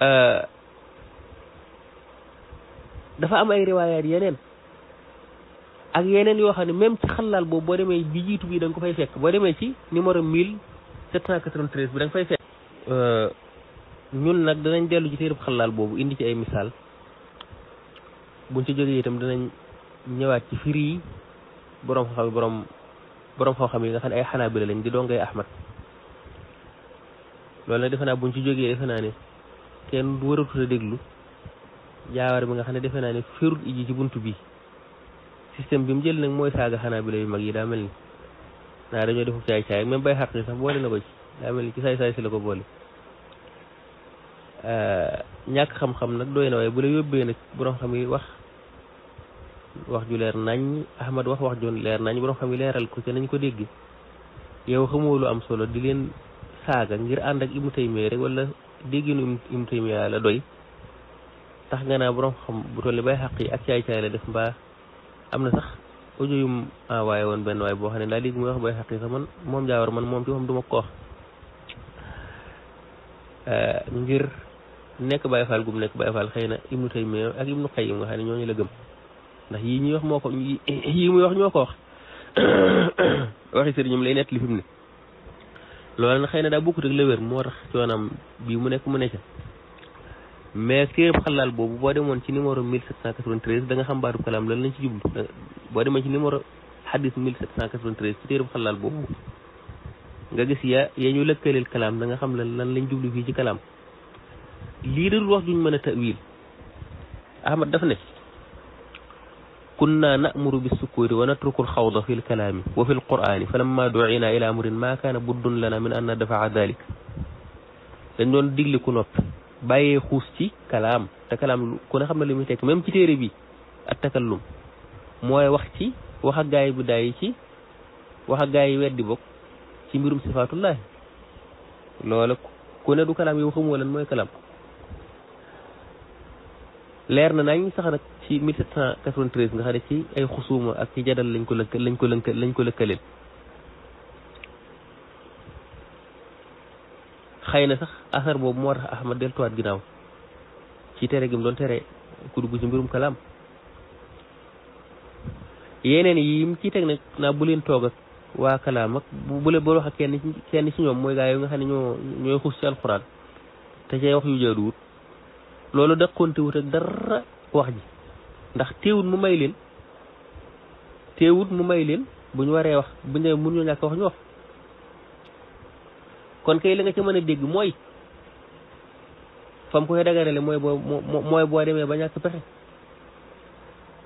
euh, dafa am ay riwaayaat yeneen ak yeneen yoo xam ne même ci xalaal boobu boo demee bi jiitu bi da ko fay fekk boo demee ci numéro 1793 bi da fay fekk. Euh, ñun nag danañ dellu ci téereb xalaal boobu indi ci ay misaal buñ ci jógee itam danañ ñëwaat ci firi yi borom borom borom xam-xam yi nga xam ne ay xanaa xanaabila lañ di dongay Ahmad loolu nag defe naa buñ ci jógee defe naa ne kenn waratu la déglu jaawar bi nga xam ne defe naa ne firut iji ci bunt bi. système bi mu jël nag mooy saaga xanaa bi la yu mag yi daa mel ni naa dañoo defu caay caay même bay xaq yi sax boole na ko ci daa mel ni ci saay saay si la ko boole ñàkk xam-xam nag doy na waaye bu la yóbbee nag borom xam yi wax wax ju leer nañ Ahmad wax wax ju leer nañ borom xam yi leeral ko ci nañ ko dégg yow xamoo lu am solo di leen saaga ngir ànd ak Ibnu Taymiya rek wala dégginu Ibnu Taymiya la doy tax nga naa borom xam bu toll bay xaq yi ak caay caay la def mbaa am na sax audio yu mu woon benn waay boo xam ne daal léegi muy wax booy xaqiiqa man moom jaawar man moom ci moom du ma ko wax euh, ngir nekk Baay Faal gum nekk Baay Faal xëy na Ibnu Taymiya ak Ibnu Qayyim nga xam ñooñu la gëm ndax yii ñuy wax moo ko yii muy wax ñoo ko wax waxi sëriñam lay nett li ne loolu nag xëy na daa bokkut ak la wér moo tax coonam bii mu nekk mu nekk mais téereb xalaal boobu boo demoon ci numéro 1793 da nga xam baatub kalaam lan lañ ci jublu boo demoon ci numéro xadis 1793 ci téereb xalaal boobu nga gis yaa yaa ñu lëkkaleel kalaam da nga xam lan lan lañ jublu fii ci kalaam lii dul wax juñ mën a tawil ahmad daf ne كنا نأمر بالسكوت ونترك الخوض في الكلام وفي القرآن فلما دعينا إلى أمر ما كان بد لنا من أن ندفع ذلك لأنه ديغلي كو نوب bàyyee xuus ci kalaam te kalaam ku ne xam na li muy tekk même ci téere bi at takallum mooy wax ci wax bu daay ci wax ak gaay yi weddi bokk ci mbirum sifaatullaahi loola ku ne du kalaam yow xamoo lan mooy kalaam leer na nañ sax nag ci 1793 nga xam ne ci ay xusuuma ak ci jadal lañ ko lëkk lañ ko lënk lañ ko lëkkaleel xay na sax asar boobu moo tax Ahmad deltuwaat ginnaaw ci tere gi mu doon tere ku ci mbirum kalaam yeneen yi mu teg nag naa bu leen toog ak waa kalaam bu leen bool wax ak kenn kenn ci ñoom mooy gaa yi nga xam ne ñoo ñooy xuus ci alxuraan te cay wax yu jaaduwut loolu daqonte wut ak dara wax ji ndax teewut mu may leen teewut mu may leen bu ñu waree wax bu ñu mun ñu ñàkk wax ñu wax kon kay la nga ci mën a dégg mooy fam koy dagarale mooy boo mooy boo demee ba ñàkk pexe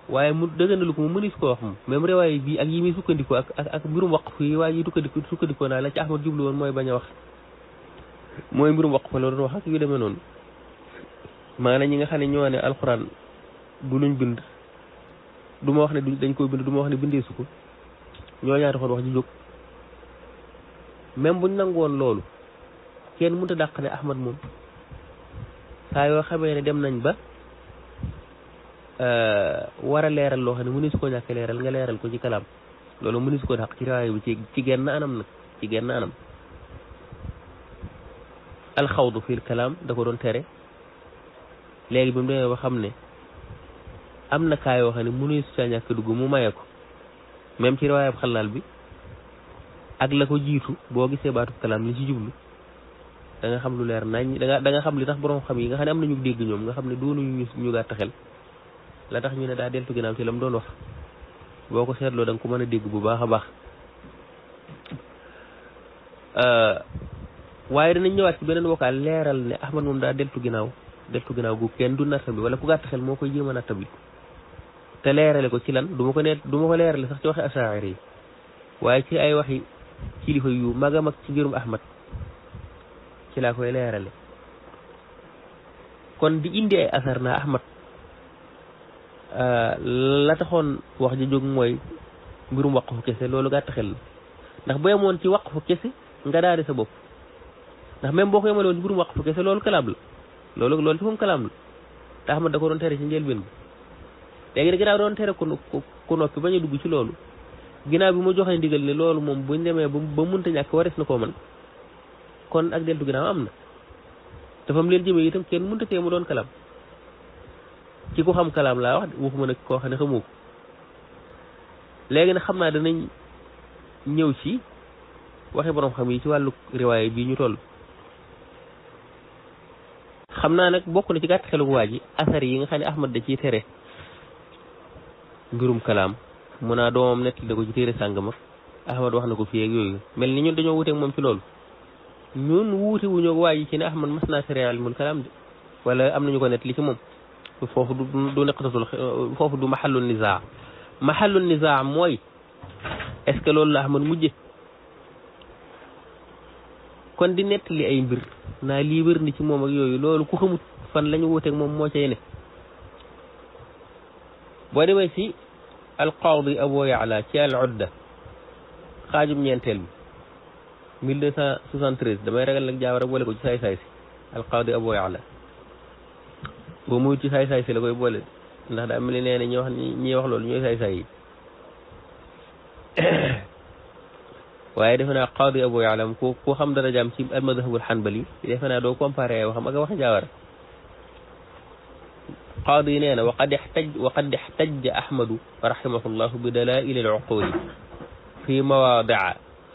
waaye mu dëggandalu ko mu mënis ko wax moom même riwaay bi ak yi muy sukkandikoo ak ak ak mbirum waqf yi waa yi sukkandikoo sukkandikoo naa la ci Ahmad mooy bañ a wax mooy mbirum waqf la doon wax ak yu noonu maanaam ñi nga xam ne ñoo ne alxuraan du luñ bind du wax ne du dañ koo bind du ma wax ne bindeesu ko ñoo ñaata xoon wax ji jóg même buñ nangu woon loolu kenn mënut a dàq ne Ahmad moom saa yoo xamee ne dem nañ ba euh, war a leeral loo xam ne mënees ko ñàkk leeral nga leeral ko ci kalaam loolu mënees ko dàq ci riwaaya bi ci ci genn anam nag ci genn anam alxawdu fil kalaam da ko doon tere léegi bi mu demee ba xam ne am na kaa yoo xam ne mënees saa ñàkk dugg mu maye ko même ci riwaayab xalaal bi ak la ko jiitu boo gisee baatub kalaam li ci jublu da nga xam lu leer nañ da nga xam li tax borom xam yi nga xam ne am ñu dégg ñoom nga xam ne doonuñu ñu gàtt xel la tax ñu ne daa deltu ginnaaw ci lam doon wax boo ko seetloo da ko mën a dégg bu baax a baax euh, waaye danañ ñëwaat ci beneen vocal leeral ne Ahmad moom daa deltu ginnaaw deltu ginnaaw gu kenn du nattab bi wala ku gàtt moo koy jéem a nattab bi te leerale ko ci lan duma ko ne du ma ko leerale sax ci waxi asaari yi waaye ci ay waxi kilifa yu mag a mag ci mbirum Ahmad ci laa koy leerale kon di indi ay asar naa Ahmad euh, la taxoon wax ji jóg mooy mbirum waqfu kese loolu gàtt xel ndax boo yemoon ci waqfu kese nga daari sa bopp ndax même boo ko yemale woon ci mbirum waqfu kese loolu kalaam la loolu loolu ci moom kalaam la te Ahmad da ko doon tere ci njëlbeen bi léegi nag gannaaw doon tere ku noppi bañ a dugg ci loolu ginnaaw bi mu joxee ndigal ne loolu moom buñ demee ba munta ñàkk warees na koo man kon ak deltu ginnaaw am na dafa am leen jëmee itam kenn munta tee mu doon kalaam ci ko xam kalaam laa wax mën nag ko xam ne xamoo ko léegi nag xam naa danañ ñëw ci waxe borom xam yi ci wàllu riwaay bii ñu toll xam naa nag bokk na ci gàtt xelum waa ji asar yi nga xam ne Ahmad da ciy tere mbirum kalaam mu naa doomam nettali ko ci téere sàngam ak Ahmad wax na ko fii ak yooyu mel ni ñun dañoo wuteeg moom ci loolu ñun wuute wuñu ak waa ci ne Ahmad mas naa séré alimul kalaam de wala am nañu ko nettali ci moom foofu du du neqatatul foofu du mooy est-ce que loolu la Ahmad mujje kon di nettali ay mbir na lii wér ni ci moom ak yooyu loolu ku xamut fan la ñu moom moo cay ne boo demee si alqaadi Abu Yaala ci al udda xaajum ñeenteel bi 1273 damay ragal nag jaawar ak boole ko ci saay saay si alqaadi Abu Yaala boo muy ci saay saay si la koy boole ndax daa mel ni nee na ñi wax ñi wax loolu ñooy saay saay yi waaye defe naa qaadi Abu Yaala ku ku xam darajaam ci almadhabul xanbali defe naa doo comparé waxam ak wax jaawar قاضي نانا وقد احتج وقد احتج احمد رحمه الله بدلائل العقول في مواضع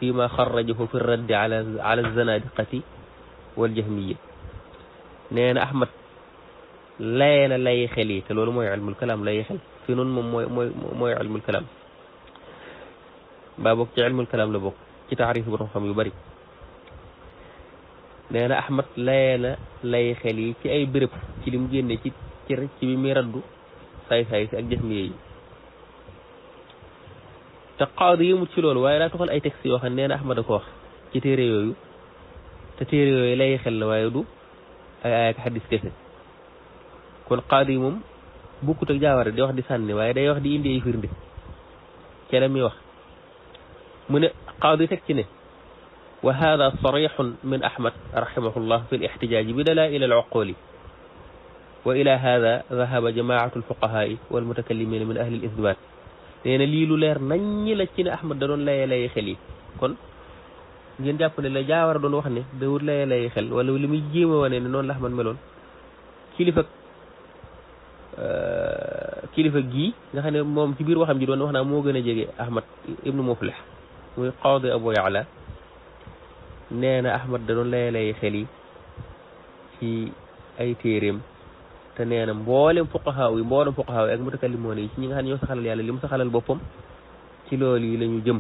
فيما خرجه في الرد على على الزنادقه والجهميه نانا احمد لا ينا لا يخلي تلول موي علم الكلام لا يخل في نون موي موي علم الكلام بابك علم الكلام لا بوك كي تعريف برخم يبارك نانا احمد لا ينا لا يخلي كي اي بريب كي لم جيني كي ci rëcc bi muy raddu saay-saay si ak jahmiya yi te qaadi yëmut ci loolu waaye daa toxal ay textes yoo xam ne nee na Ahmad a ko wax ci téere yooyu te téere yooyu lay xel la waaye du ay ay ak xadis kese kon qaadi moom bukkut ak jaaware di wax di sànni waaye day wax di indi ay firnde ci la muy wax mu ne qaadi teg ci ne wa hada sarixun min ahmad rahimahullah fi l ixtijaaji bi dalail al uquli وإلى هذا ذهب جماعة الفقهاء والمتكلمين من أهل الإثبات لأن لي لولير نني لتشين أحمد دون لا يلا خلي كن جن جاب لا جاور دون وحني دور لا يلا يخل ولو لم يجي ما ونن نون لحمن ملون كيف كيف جي نحن مم كبير وهم جدون وحنا مو جن أحمد ابن مفلح وقاضي أبو يعلى نانا أحمد دون لا يلا خلي في أي تيرم te nee na mboolem fuqahaaw yi mboolem fuqahaaw yi ak mutakallimoon yi ci ñi nga xam ne ñoo saxalal yàlla li mu saxalal boppam ci loolu yi la ñu jëm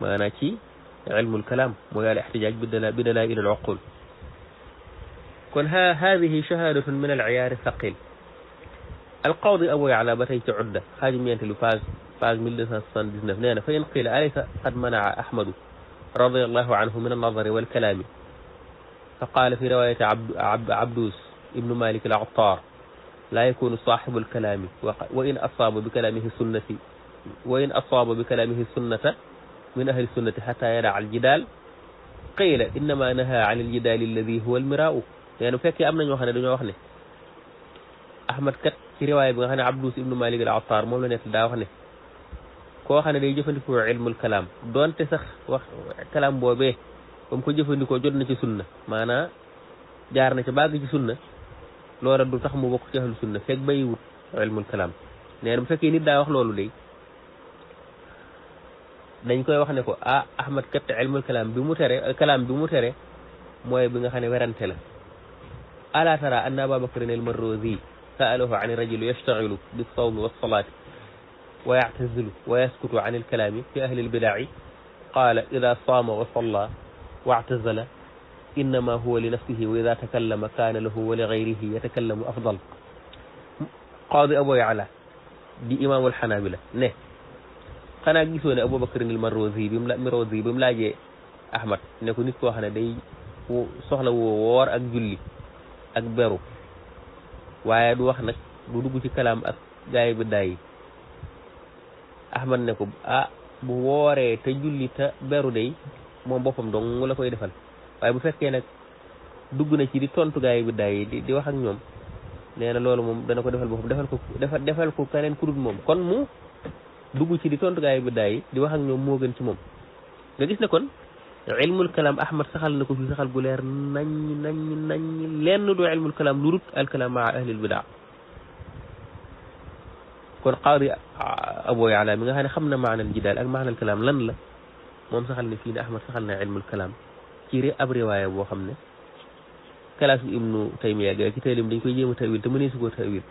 maanaa ci ilmul kalaam mooy al ixtijaaj bi dala bi dala ilal uqul kon ha haadihi shahaadatun min al ciyaari thaqil alqawdi abu yacla ba tey ci cudda xaaju ñeenteelu page page 1279 nee na fa in qiila alaysa qad manaca ahmadu radiallahu anhu min annadari walkalaami fa qaala fi riwaayati abdus ابن مالك العطار لا يكون صاحب الكلام وإن أصاب بكلامه سنة وإن أصاب بكلامه سنة من أهل السنة حتى يرعى الجدال قيل إنما نهى عن الجدال الذي هو المراء يعني فيك يا أمنا نوحنا دون نوحنا أحمد كت في رواية بغانا عبدوس ابن مالك العطار مولا نتلدى وحنا كو خانا جفن في علم الكلام دون تسخ كلام بوبيه ومكو جفن دي كو جدنا في سنة معنا جارنا في باقي في سنة loola du tax mu bokk ci ahlu sunna fekk bàyyiwut ilmul kalaam nee na bu fekkee nit daa wax loolu léegi dañ koy wax ne ko ah Ahmad kat ilmul kalaam bi mu tere kalaam bi mu tere mooy bi nga xam ne werante la alaa tara anna Ababakrin al-Marwazi sa'alahu an rajul yashta'ilu bis-sawmi was-salaati wa ya'tazilu wa yaskutu an al-kalaami fi ahli al-bid'i qaala idaa saama wa sallaa wa i'tazala innama huwa li nafsihi wa ida takallama kaana lahu wa li gayrihi yatakallamu afdal qaadi abu di imaamul xanaabila ne xanaa gisoo ne aboubacar nil marwazi bi mu la marwazi bi mu laajee ahmad ne ko nit koo xam ne day soxla woo woor ak julli ak beru waaye du wax nag du dugg ci kalaam ak gaay bi daay ahmad ne ko ah bu wooree te julli te beru day moom boppam dong la koy defal waaye bu fekkee nag dugg na ci di tontu gaa yi bi yi di wax ak ñoom nee na loolu moom dana ko defal boppam defal ko defal defal ko keneen ku moom kon mu dugg ci di tontu gaa yi bi yi di wax ak ñoom moo gën ci moom nga gis ne kon ilmul kalaam ahmad saxal na ko fi saxal leer nañ nañ nañ lenn du ilmul kalaam lu rut al kalaam maa ahlil bidaa kon qaadi Abu Yaala bi nga xam ne xam na maanal jidaal ak maanal kalaam lan la moom saxal na fii ne ahmad saxal na ilmul kalaam ci ab riwaya bo xamne ne kalaasu ibnu taymiya ga ci taylim dañ koy jéem tawil te mënee su ko tawil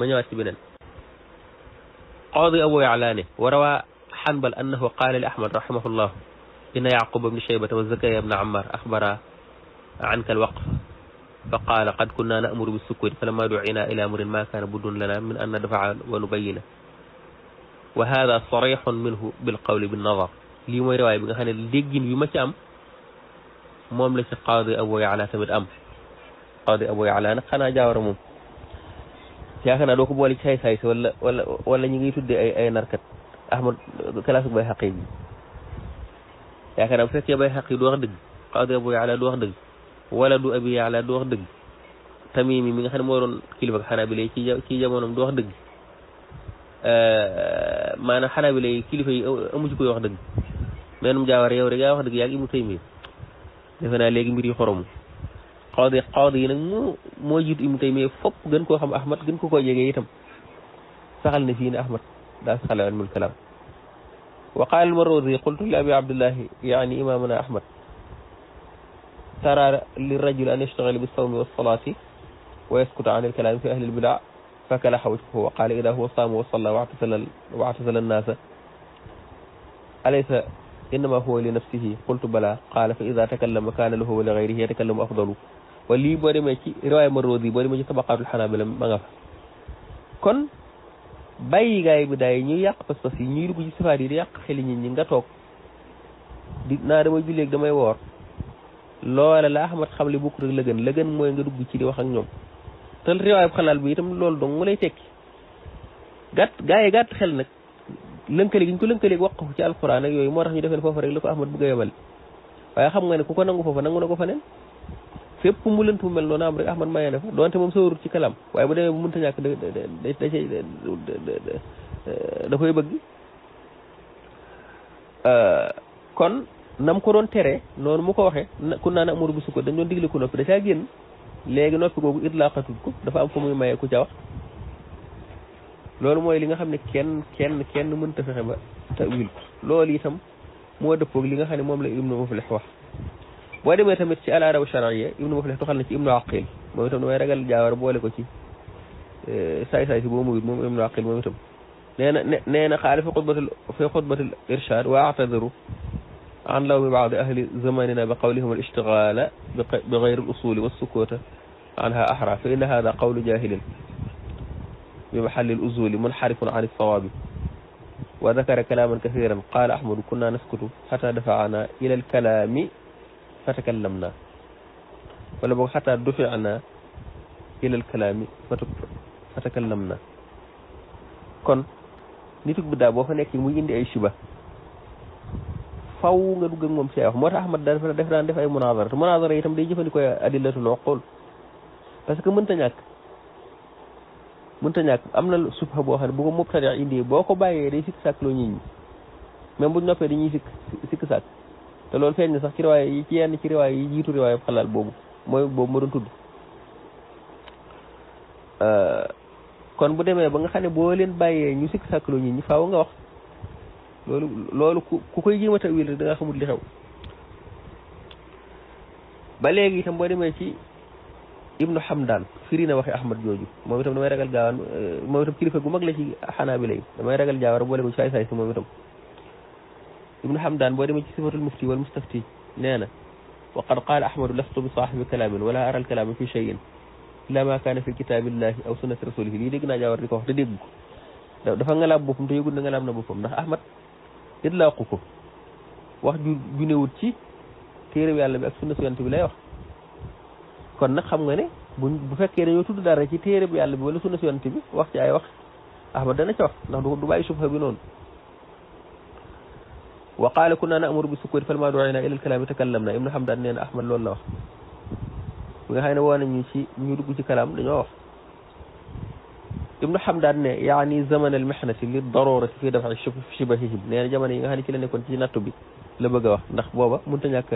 ma ñëwaat ci benen qadi abu ya'lani wa rawa hanbal annahu qala li ahmad rahimahullah inna ya'qub ibn بن wa وزكريا ibn ammar akhbara عنك الوقف فقال قد كنا نأمر بالسكوت فلما دعينا إلى أمر ما كان بد لنا من أن ندفع ونبينه وهذا صريح منه بالقول بالنظر لي موي رواي بيغا خاني ديغين بيما تي ام moom la ci qaadi Abu Ya'la tamit am qaadi Abu Ya'la nag xanaa jaawara moom yaakaar naa doo ko boole ci say say si wala wala wala ñu ngi tuddee ay ay narkat Ahmad kalaasu bay xaq yi yaakaar naa bu fekkee bay xaq yi du wax dëgg qaadi Abu Ya'la du wax dëgg wala du Abi Ya'la du wax dëgg Tamimi mi nga xam ne moo doon kilifa Xanaabila yi ci ci jamonoom du wax dëgg maanaam Xanaabila yi kilifa yi amu ci koy wax dëgg meenum jaawara yow rek yaa wax dëgg yaa ngi Ibnu Taymiya defena legi mbiri xorom qadi qadi nak mo yi nag moo moo jiitu Ibnu gën ko xam Ahmad gën ko ko jege itam saxal na fi ni Ahmad da saxal ilmul kalaam wa qala al-Marwazi qultu li abi abdullah yani imamuna Ahmad tara li rajul an yashtagala bi sawmi wa salaati wa yaskuta an al-kalaami fi ahli al-bidaa fakalaxa wajhuhu wa qaala idaa huwa wa salla wa atasala wa atasala annaasa alaysa innama huwa li nafsihi qultu bala qaala fa ida takallama kaana lahu wa wa lii boo demee ci riwaaya Marwazi boo demee ci tabaqaatul xanaabila ma nga fa gaay bi daay ñuy yàq pas-pas yi ñuy dugg ci safaat yi di yàq xeli nit ñi nga toog di naa damay julleeg damay woor loola laa xamat xam le bokk rek la gën la gën mooy nga dugg ci di wax ak ñoom te riwaaya bu xalaal bi itam loolu dong mu lay tekki gàtt gaay yi gàtt xel nag lënkale gi ñu ko lënkaleeg waqf ci alquran ak yooyu moo tax ñu defeen foofu rek la ko ahmad bëgg a yebal waaye xam nga ne ku ko nangu foofa nangu na ko faneen fépp mu mu mel noonu am rek ahmad mayee na donte moom sóorut ci kalam waaye bu demee bu mënta ñàkk da da cay da koy bëgg euh, kon nam ko doon tere noonu mu ko waxee kun naa na amuru bi sukko dañ doon digle ko noppi da caa génn léegi noppi googu it laa xatul ko dafa am fu muy mayee ku ca wax loolu moy li nga xamne kenn kenn kenn mën ta fexe ba tawil ko loolu itam mo dëppoog li nga xamne mom la ibnu muflih wax bo demé tamit ci al arab shar'iyya ibnu muflih toxal na ci ibnu aqil mo itam damay ragal jaawar boole ko ci euh say saay si boo muyut mom ibnu aqil mo itam neena neena khalif khutbatul fi khutbatul irshad wa a'tadhiru an law mi baadi ahli zamanina bi qawlihim al ishtigala bi ghayr al usul wa as sukuta anha ahra fa inna hadha qawl jahil بمحل الأزول منحرف عن الصواب وذكر كلاما كثيرا قال أحمد كنا نسكت حتى دفعنا إلى الكلام فتكلمنا ولبغ حتى دفعنا إلى الكلام فتكلمنا كن نيتك بدا بو فا نيكي موي اندي اي شبا فاو nga dug ak mom cheikh mota ahmad da def da def ay munazara munazara itam day jëfëndiko adillatu lo xol parce que mën ta ñak mënta ñàkk am na subha boo xam ne bu ko mubtadi indi boo ko bàyyee day sikk sàkk loo nit ñi même bu noppee dañuy sikk sikk sàkk te loolu feeñ na sax ci riwaay yi ci yenn ci riwaay yi jiitu riwaay boobu mooy boobu ma doon tudd euh, kon bu demee ba nga xam ne boo leen bàyyee ñu sikk sàkk loo nit ñi faaw nga wax loolu loolu ku koy jéem a tawil rek da nga xamul li xew ba léegi itam boo demee ci ibnu Hamdan firi na waxi Ahmad jooju moom itam damay ragal gaawaan euh, mag la ci xanaabila yi damay ragal gaawaan boole ko ci saay saay si moom itam ibnu Hamdan boo demee ci sifatul mufti wal mustafti nee na wa qad qaala Ahmadu lastu bi saaxibi kalaamin wala aral kalaama fi cheyin illa ma kaana fi kitaabillahi aw sunnati rasulihi lii dégg naa jaawar di ko wax te dégg ko dafa ngalaab boppam te yëgul na ngalaab na boppam ndax Ahmad itlaaqu ko wax ju ju newut ci téere yàlla bi ak sunna su yonent bi lay wax kon nag xam nga ne buñ bu fekkee dañoo tudd dara ci téere bu yàlla bi wala sunna si yonent bi wax ci ay wax ahmad dana ci wax ndax du bàyyi subha bi noonu wa qaala kunna naamuru bi sukuri falammaa du'inaa ilal kalaami takallamnaa ibnu hamdan nee na ahmad loolu la wax bi nga xam ne woo nañu ci ñu dugg ci kalaam dañoo wax ibnu hamdan ne yaani zaman al mihnati li darurati fii daf'i shibahihim nee na jamono yi nga xam ne ci la nekkoon ci nattu bi la bëgg a wax ndax booba mënut a ñàkk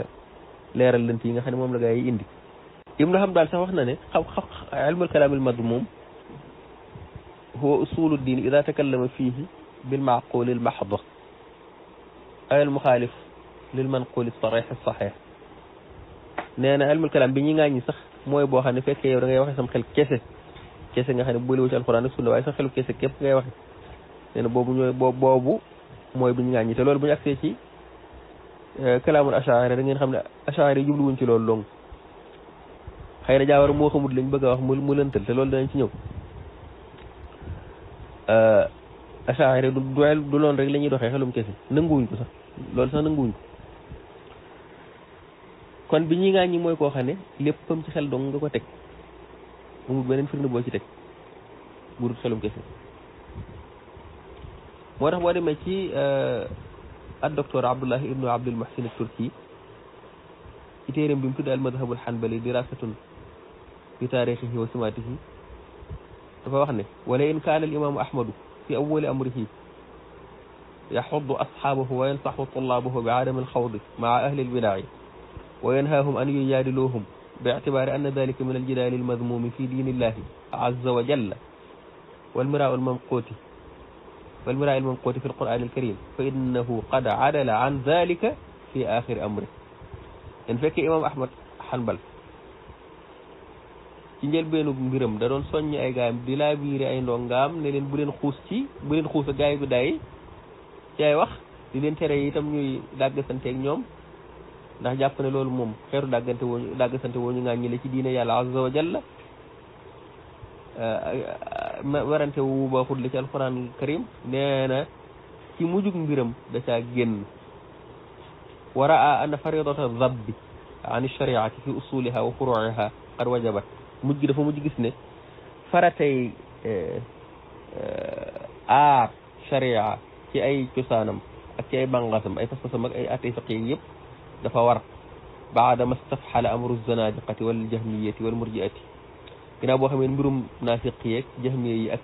leeral lënt yi nga xam ne moom la gaa yi indi ابن حمد قال سمحنا علم الكلام المذموم هو أصول الدين إذا تكلم فيه بالمعقول المحض أي المخالف للمنقول الصريح الصحيح نانا علم الكلام بني غاني صح موي بو خاني فك يو داغي واخي سام خيل كيسه كيسه غا خاني بولي وتي القران والسنه واي سام خيل كيسه كيب غاي واخي نانا بوبو نوي بوبو موي بني غاني تي لول بني اكسي سي كلام الاشاعره داغي خاني اشاعره يوبلو ونتي لول لونغ xay na jaawar moo xamut lañ bëgg wax mu mu lëntal te lool danañ ci ñëw euh, asaari du du loon rek lañuy ñuy doxee xelum kese nanguwuñ ko sax loolu sax nanguwuñ ko kon bi ñuy ngaañ ñi mooy koo xam ne léppam ci xel dong nga ko teg amul beneen firnde boo ci teg burut xelum kese moo tax boo demee ci euh, ak docteur Abdullahi ibnu Abdul Muhsin Turki ci téeréem bi mu tudd al madhabul hanbali في تاريخه وسماته فواخني ولئن كان الإمام أحمد في أول أمره يحض أصحابه وينصح طلابه بعدم الخوض مع أهل البلاع وينهاهم أن يجادلوهم باعتبار أن ذلك من الجدال المذموم في دين الله عز وجل والمراء الممقوت والمراء الممقوت في القرآن الكريم فإنه قد عدل عن ذلك في آخر أمره إن فك إمام أحمد حنبل ci njëlbeenu mbiram da doon soññ ay gaayam di laa ay ndongaam ne leen bu leen xuus ci bu leen xuus a gaay gu day ci ay wax di leen tere itam ñuy dàggasanteeg ñoom ndax jàpp loolu moom xeetu dàggante woo dàggasante woo ñu ngaa ñi la ci diine yàlla azza wa jalla euh, euh, warante wu baaxul la ci alquran karim nee na ci mujjug mbiram da caa génn wa raa anna faridata wa wajabat mujj gi dafa mujj gis ne faratay eh, eh, aar sharia ci ay cosaanam ak ci ay bànqaasam ay pas ak ay attey fiqi yëpp dafa war baada ma stafxala amru zanadiqati wal jahmiyati wal murjiati ginnaaw boo xamee mbirum naafiq yeeg jahmiya yi ak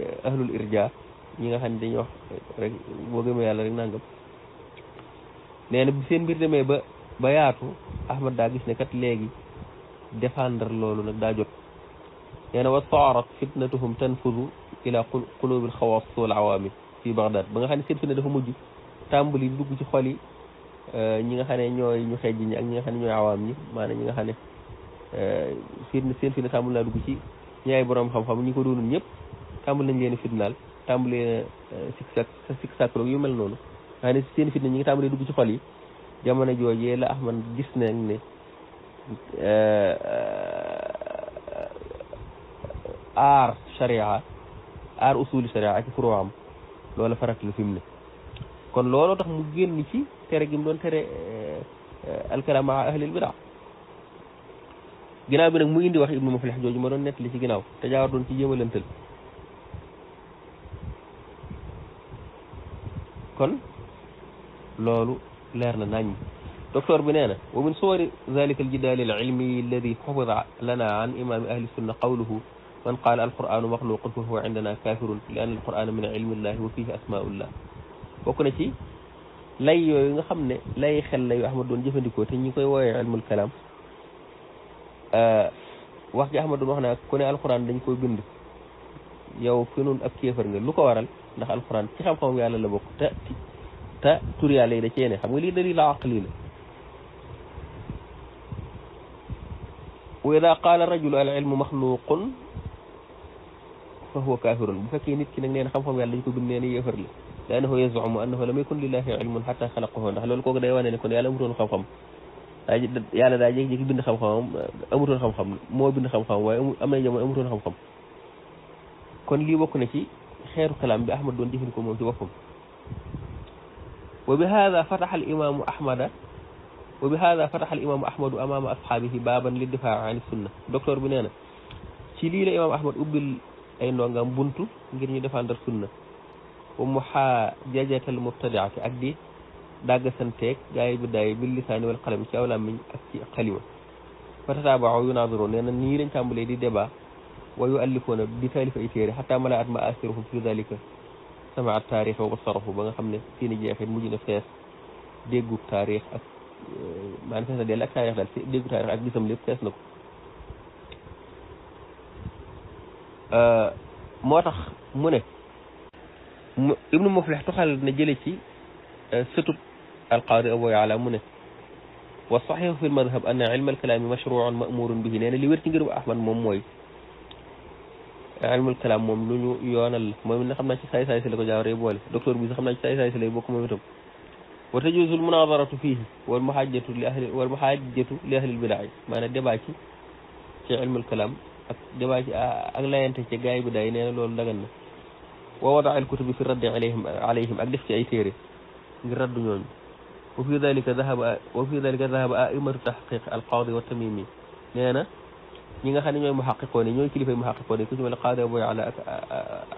eh, ahlul irja ñi nga xam ne dañuy wax rek boo gëmee yàlla rek nangam nee na bi seen demee ba bayaatu yaatu ahmad daa gis ne kat léegi défendre loolu nag daa jot nee na wa saarat fitnatuhum tanfudu ila qulubil xawaas wal awaami fii Bagdad ba nga xam ne seen fitna dafa mujj tàmbali dugg ci xol yi euh, ñi nga xam ne ñooy ñu xeej ak ñi nga xam ñi maanaam ñi nga xam ne euh, fitna seen fitna tàmbali naa dugg ci ñaay borom xam ñi ko doonul ñëpp tàmbali nañ leen fitnaal tàmbali leen euh, sik sak sik sak yu mel noonu nga xam ne seen fitna ñi nga dugg ci xol yi jamono joojee la Ahmad gis nañ ne aar sharia aar usuli sharia ak furu am loola farat la fi ne kon looloo tax mu génn ci tere gi doon tere alkalaam maa ahlil bi nag mu indi wax ibnu muflix jooju ma doon nettali ci ginnaaw te jaawar doon ci jéemalantal kon loolu leer na nañ docteur bi nee na wa min suwari zalika aljidaali alilmi alladi xufida lana an imami ahli sunna qawluhu man qaala alquranu maxluqun fa huwa indana kafirun li anna alqurana min ilmillahi wa fihi asmaullah bokk na ci lay yooyu nga xam ne lay xel la yu ahmad doon jëfandikoo te ñi koy woowee ilmul kalaam wax gi ahmad doon wax naa ku ne alquran dañ koy bind yow fi nun ab kéefar nga lu ko waral ndax alquran ci xam-xamam yàlla la bokk te te tur yàlla yi da cee ne xam nga lii dalil la aqli la وإذا قال الرجل العلم مخلوق فهو كافر بفكي نيت كي نين خام خام يالله نكو يفر لي لانه يزعم انه لم يكن لله علم حتى خلقه ندخ لول كوك داي نكون يالله امرون خام خام يالله دا جي جي امرون خام مو بن خام خام واي امرون خام كون لي بوك خير كلام بي دون ديفن كو موم وبهذا فتح الامام احمد وبهذا فتح الامام احمد امام اصحابه بابا للدفاع عن السنه دكتور بن انا تي الامام احمد اوبل اي نونغام بونتو غير ني ديفاندر سنه ومحا ججت المبتدعه في اك دي داغ سنتك غاي بداي باللسان والقلم تي اولا من اك خليوه فتتابعوا يناظرون نينا ني لن تامبلي دي ديبا ويؤلفون بتاليف اي تيري حتى ملات ما اثرهم في ذلك سمع التاريخ وبصره بغا خمنه في نجي اخي مجي نفس ديغو التاريخ اك maanaam fees na dell ak taarix daal déggu taarix ak gisam lépp fees na ko euh, moo tax mu ne ibnu muflix tuxal na jële ci euh, sëtub alqaadi abu yaala mu ne wa saxiixu fi lmadhab anna ilm alkalaami mashruun mamurun bihi nee na li wér ci ngir bu ahmad moom mooy ilmul kalaam moom lu ñu yoonal la moom na xam naa ci saay saay si la ko jaawree boole docteur bi sax xam naa ci saay saay si lay bokk moom itam wa tajuusul munaadaratu fiihi wal muhaajatu li ahli wal muhaajatu li ahli bidaa maanaam débat ci ci ilmul kalaam ak débat ci ak layante ci gaay yi bidaa yi nee na loolu dagan na wa wadaa al kutubi fi raddi alayhim alayhim ak def ci ay téere ngir raddu ñooñu wa fi dalika dahaba wa fi dalika dahaba aimatu tahqiq al qaadi wa tamimi nee na ñi nga xam ne ñooy muhaqiqoon yi ñooy kilifay muhaqiqoon yi ku ci mel qaadi abu yala ak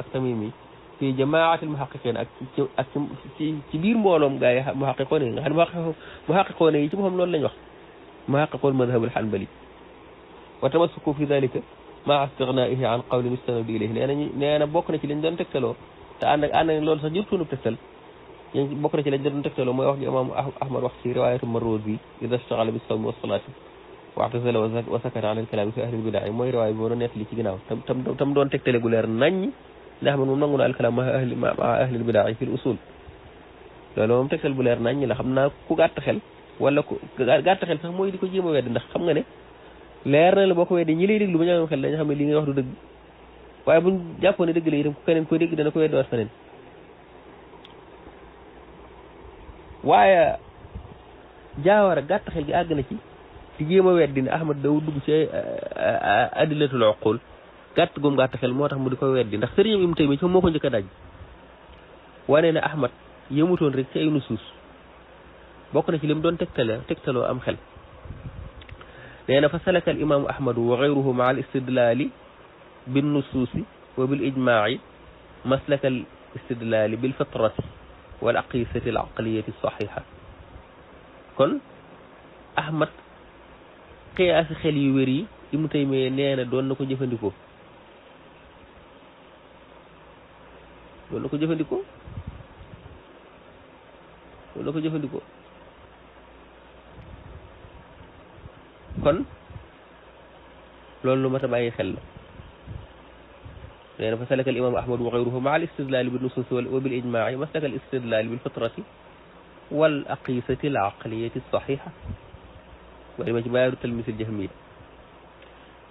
ak tamimi fi jamaatil muhaqiqin ak ci ak ci ci biir mbooloom gaa yi muhaqiqoon yi nga xam ne muhaqiqoon yi ci boppam loolu lañ wax muhaqiqoon madhabul hanbali wa tamassuku fi dalika maa istighnaihi an qawli mustanadu ilayhi nee nañu nee na bokk na ci lañ doon tegtaloo te ànd ak ànd ak loolu sax jurtuñu tegtal yéen bokk na ci lañ doon tegtaloo mooy wax ji imaam Ahmad wax ci riwaayatu Marwazi ida staxala bi sawmi wa salaati waxtasala wa sakata ala alkalaami fi ahli lbidaa mooy riwaay bi moo doon nettali ci ginnaaw tam tam tam doon tegtale gu leer naññ ne Ahmad moom nangu na alkalaam ma ahli ma ahlil bidaa fil usul loolu moom tegtal bu leer nañ la xam naa ku gàtt xel wala ku gàtt sax mooy di ko jéem a weddi ndax xam nga ne leer na la boo ko weddi ñi lay déglu ba ñu am xel dañu xam ne li ngay wax du dëgg waaye buñ jàppoon ne dëgg la itam ko dégg dana ko weddiwaat feneen waaye jaawara gàtt xel gi àgg na ci di jéem a weddi ne Ahmad daw dugg ci eh, eh, eh, adillatul uqul gàtt gum gàtt xel moo mu diko weddi ndax sëriñam Ibnu Taymiya ci moko moo daj wane na Ahmad yëmuton rek ci ay nusus bokk na ci lim doon tegtale tektalo am xel nee fa salaka al imam ahmad wa ghayruhu ma al istidlal bin nusus wa bil ijmaaci maslaka al istidlaali bil fitrati wal aqisati al aqliyati saxiixa kon ahmad qiyaasi xel yu wér yi ibnu taymiya nee na doon lolu ko jëfëndiko lolu ko jëfëndiko kon lolu lu mata bayyi xel لأن فسلك الإمام أحمد وغيره مع الاستدلال بالنصوص وبالإجماع مسلك الاستدلال بالفطرة والأقيسة العقلية الصحيحة ولمجمع تلميذ الجهمية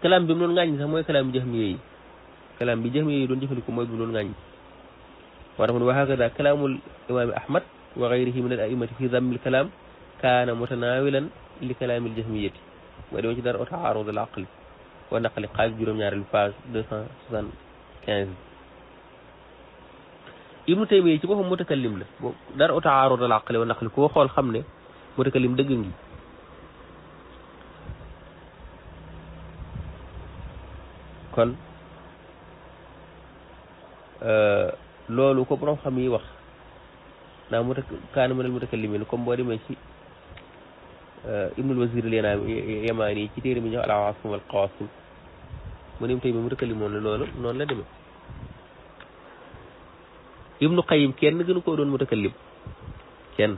كلام بمنون بمن غني كلام جهمية كلام بجهمية دون جهل كما يقولون غني ورحمه وهكذا كلام الإمام أحمد وغيره من الأئمة في ذم الكلام كان متناولا لكلام الجهمية ولو جدر تعارض العقل ونقل قال جرم يار الفاز 275 ibnu taymiya ci boppam mutakallim la dara uta aarud al aqli wa naqli koo xool xam loolu ko borom xam yi wax naa mu takk kaana mënal mu takkallimin comme boo demee ci eh, ibnul wazir leenaa yi ci téere mi ñëw alawasim wal qawasim la loolu noonu la demee ibnu qayim kenn gënu koo doon mu takkallim kenn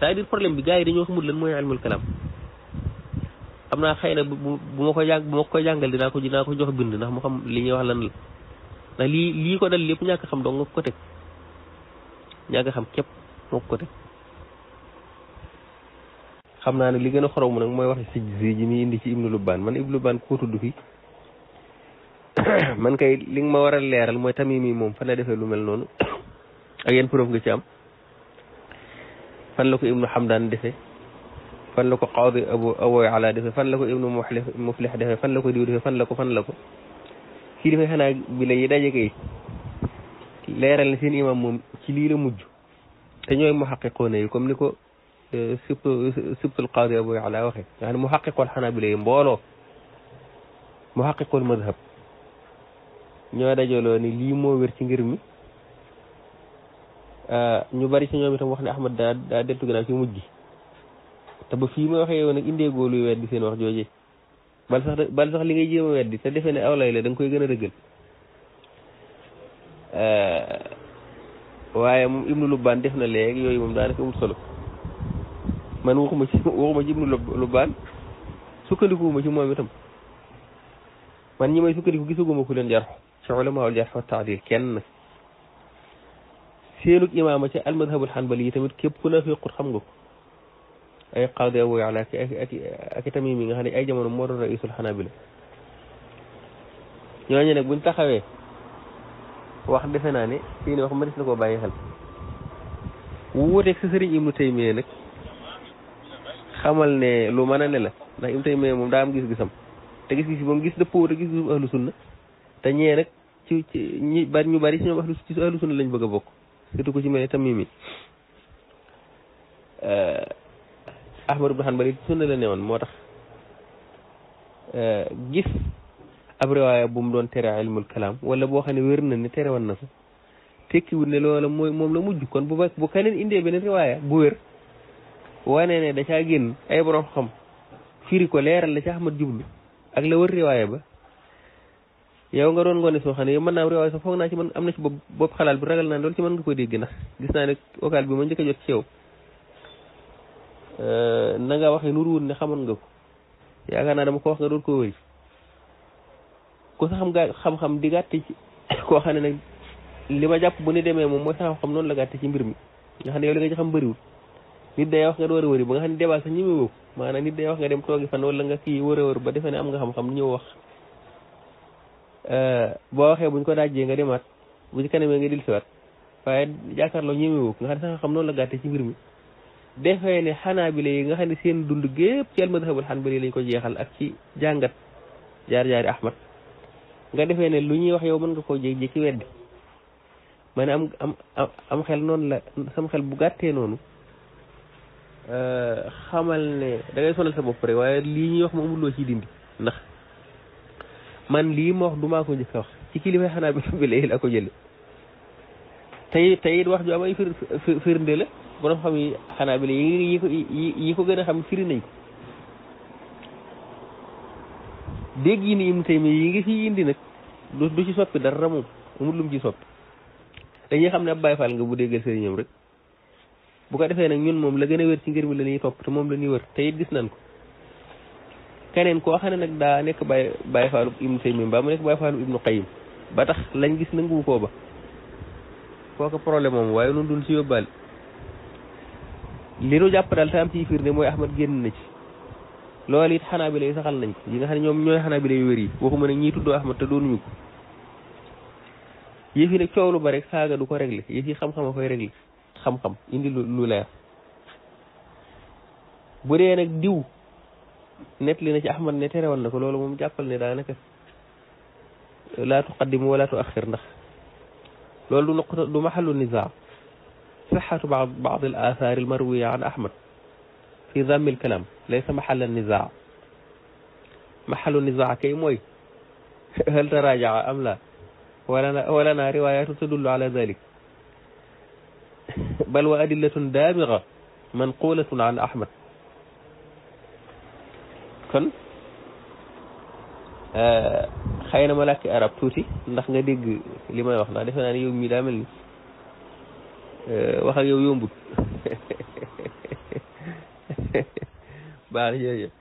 cest à problème bi gars yi dañoo xamul lan mooy ilmul kalam xam naa xëy na bu bu ma ko jàng bu ko jàngal dinaa dinaa ko jox bind ndax mu xam li ñuy wax lan la ndax lii lii ko dal lépp ñàkk xam dong nga ko teg ñàkk xam képp moo ko teg xam naa nag li gën a xoromu nag mooy wax si ji mi indi ci ibnu lubbaan man ibnu lubbaan koo tudd fi man kay li ma waral leeral mooy tamit mii moom fan la defee lu mel noonu ak yéen preuve nga ci am fan la ko xam xamdaan defe fan la ko xawdi abu awoy ala defee fan la ko ibnu muflix defee fan la ko diw defee fan la ko fan la ko kilifa xanaa bi la yi daje kay leeral na seen imam moom ci lii la mujj te ñooy mu xaqiqoona yi comme ni ko euh, sibtu sibtul qaadi abu yala waxe nga xam ne mu xaqiqoon xanaa bi la yi mbooloo mu xaqiqoon madhab ñoo dajaloo ni lii moo wér ci ngir mi euh, ñu bari ci ñoom itam wax ne ahmad daa daa deltu gannaaw ci mujj te ba fii ma waxee yow nag indeegoo luy bi seen wax jooje bal sax bal sax li ngay jéem a weddi te defe ne aw lay la koy gën a dëggal euh, waaye moom ibnu lubbaan def na léegi yooyu moom daanaka amul solo man waxuma ci waxuma ci ibnu lubbaan sukkandikuwuma ci moom itam man ñi may sukkandiku gisaguma ku leen jar ci ulamaawul jarx wa taadil kenn seenug imaama ca almadhabul xanbali yi tamit képp ku na féqut xam nga ko ay xaadi abu ak ak mi nga xam ne ay jamono moo doon raisul buñ taxawee wax defe naa ne fii ne wax mënees na koo bàyyi xel wuuteeg si sëriñ Ibnu Taymiya nag xamal ne lu man a ne la ndax Ibnu Taymiya moom daa am gis-gisam te gis-gis moom gis dëppoo te gis-gisu ahlu sunna te ñee nag ci ci ñi bari ñu bari si ñoom ahlu ci ahlu lañ bëgg a bokk surtout ko ci mel ne tamit mi Ahmad ibn Hanbal it sunna la ne woon moo tax eh, gis ab riwaaya bu mu doon tere ilmul kalaam wala boo xam ne wér na ne tere woon na ko tekkiwut ne loola mooy moom la mujj kon bu ba bu keneen indee beneen riwaaya bu wér wane ne da caa génn ay borom xam firi ko leeral la ca Ahmad jublu ak la wër riwaaya ba yow nga doon ngoone soo xam ne yow mën naa am riwaaya sax foog naa ci man am na ci bopp bopp bi ragal naa loolu ci mën nga ko dégg ndax gis naa ne vocal bi ma njëkk a jot ci yow Euh, na nga waxee nuruwul ne xamoon nga ko naa dama ko wax nga doon ko wëri ku sa xam gaa xam-xam di gàtt ci koo xam ne nag li ma jàpp bu ne demee moom mooy sa noonu la gàtt ci mbir mi nga xam ne yow li nga ci xam bëriwul nit day wax a xam ne débat sax ñi muy wëw maanaam wax nga dem toogi fan wala nga kii wër a wër ba am nga xam-xam ñëw wax euh, boo waxee buñ ko dajjee nga demaat bu ci kanamee nga dil siwaat waaye jàkkaarloo ñi muy wëw nga xam xam noonu la gàtte ci mbir mi defee ne xanaa xanaabila yi nga xam ne seen dund gépp ci almadhabul xanbali lañ ko jeexal ak ci jàngat jaar-jaari ahmad nga defee ne lu ñuy wax yow mën nga koo jékki-jékki weddi am am xel noonu la sam xel bu gàttee noonu euh, xamal ne da sonal sa bopp rek waaye lii ñuy wax ma amul loo dindi ndax man lii ma wax du maa ko a wax ci kilifa xanaa bi lay la ko jële tey wax ju am ay firnde la borom xam yi xanaa bi la yi ko gën a xam firi nañ ko dégg yi ni Ibnu Taymiya yi ngi fi indi nag du ci soppi dara moom amul lum ci soppi dañuy xam ne ab Baay Faal nga bu déggal sëriñam rek bu ko defee nag ñun moom la gën a wér ci ngir mi la ñuy topp te moom la ñuy wër te gis nañ ko keneen koo xam ne nag daa nekk Baay Baay Faalu Ibnu Taymiya mbaa mu nekk ba tax lañ gis nanguwu koo ba kooku problème moom waaye nun dul ci yóbbaale li nu jàpp daal te am ciy firnde mooy Ahmad génn na ci loolu it xanaa bi lay saxal nañ ko yi nga xam ne ñoom ñooy xanaa bi lay wér yi waxuma ne ñii tuddoo Ahmad te doonuñu ko yëf ne nag coow lu ba rek saaga du ko réglé yëf yi xam-xam koy réglé xam-xam indi lu leer bu dee nag diw net li na ci Ahmad ne terewoon na ko loolu moom jàppal ne daanaka laa tuqaddim wala tu axir loolu du noq maxalu nizaa صحة بعض بعض الآثار المروية عن أحمد في ذم الكلام ليس محل النزاع محل النزاع كيموي هل تراجع أم لا ولنا, ولنا روايات تدل على ذلك بل وأدلة دامغة منقولة عن أحمد كن xëy آه، ملاك أرابتوتي نحن arab لما يوحنا نحن dégg li Eh, wax ak yow yombut baax yooyu